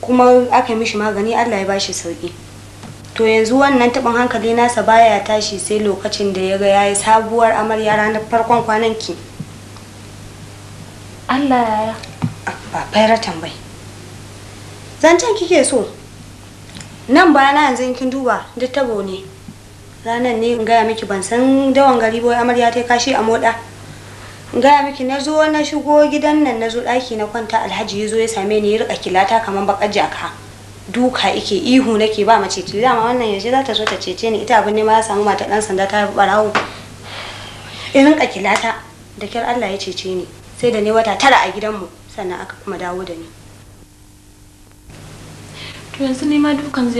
kuma aka mishi magani Allah ya bashi sauki to yanzu wannan taɓin hankali nasa baya tashi sai lokacin da ya ga yayi sabuwar amarya ranar farkon kwananki Allah ya ba faira tambayi zancen kike so nan ba na yanzu kin duba duk tabo ne ranar ne in gaya miki ban san dawan gari boy amarya ta kashi a moda in gaya miki na zo na shigo gidan nan na zo ɗaki na kwanta alhaji ya zo ya same ni ya rika kilata kamar bakar jaka duka ike ihu nake ba mace ki dama wannan yaje za ta zo ta cece ni ita abin ne ma ya samu mata dan sanda ta barawo in riƙa kilata da kyar Allah ya cece ni sai da ne wata tara a gidanmu sannan aka kuma dawo da ni to yanzu ma dukan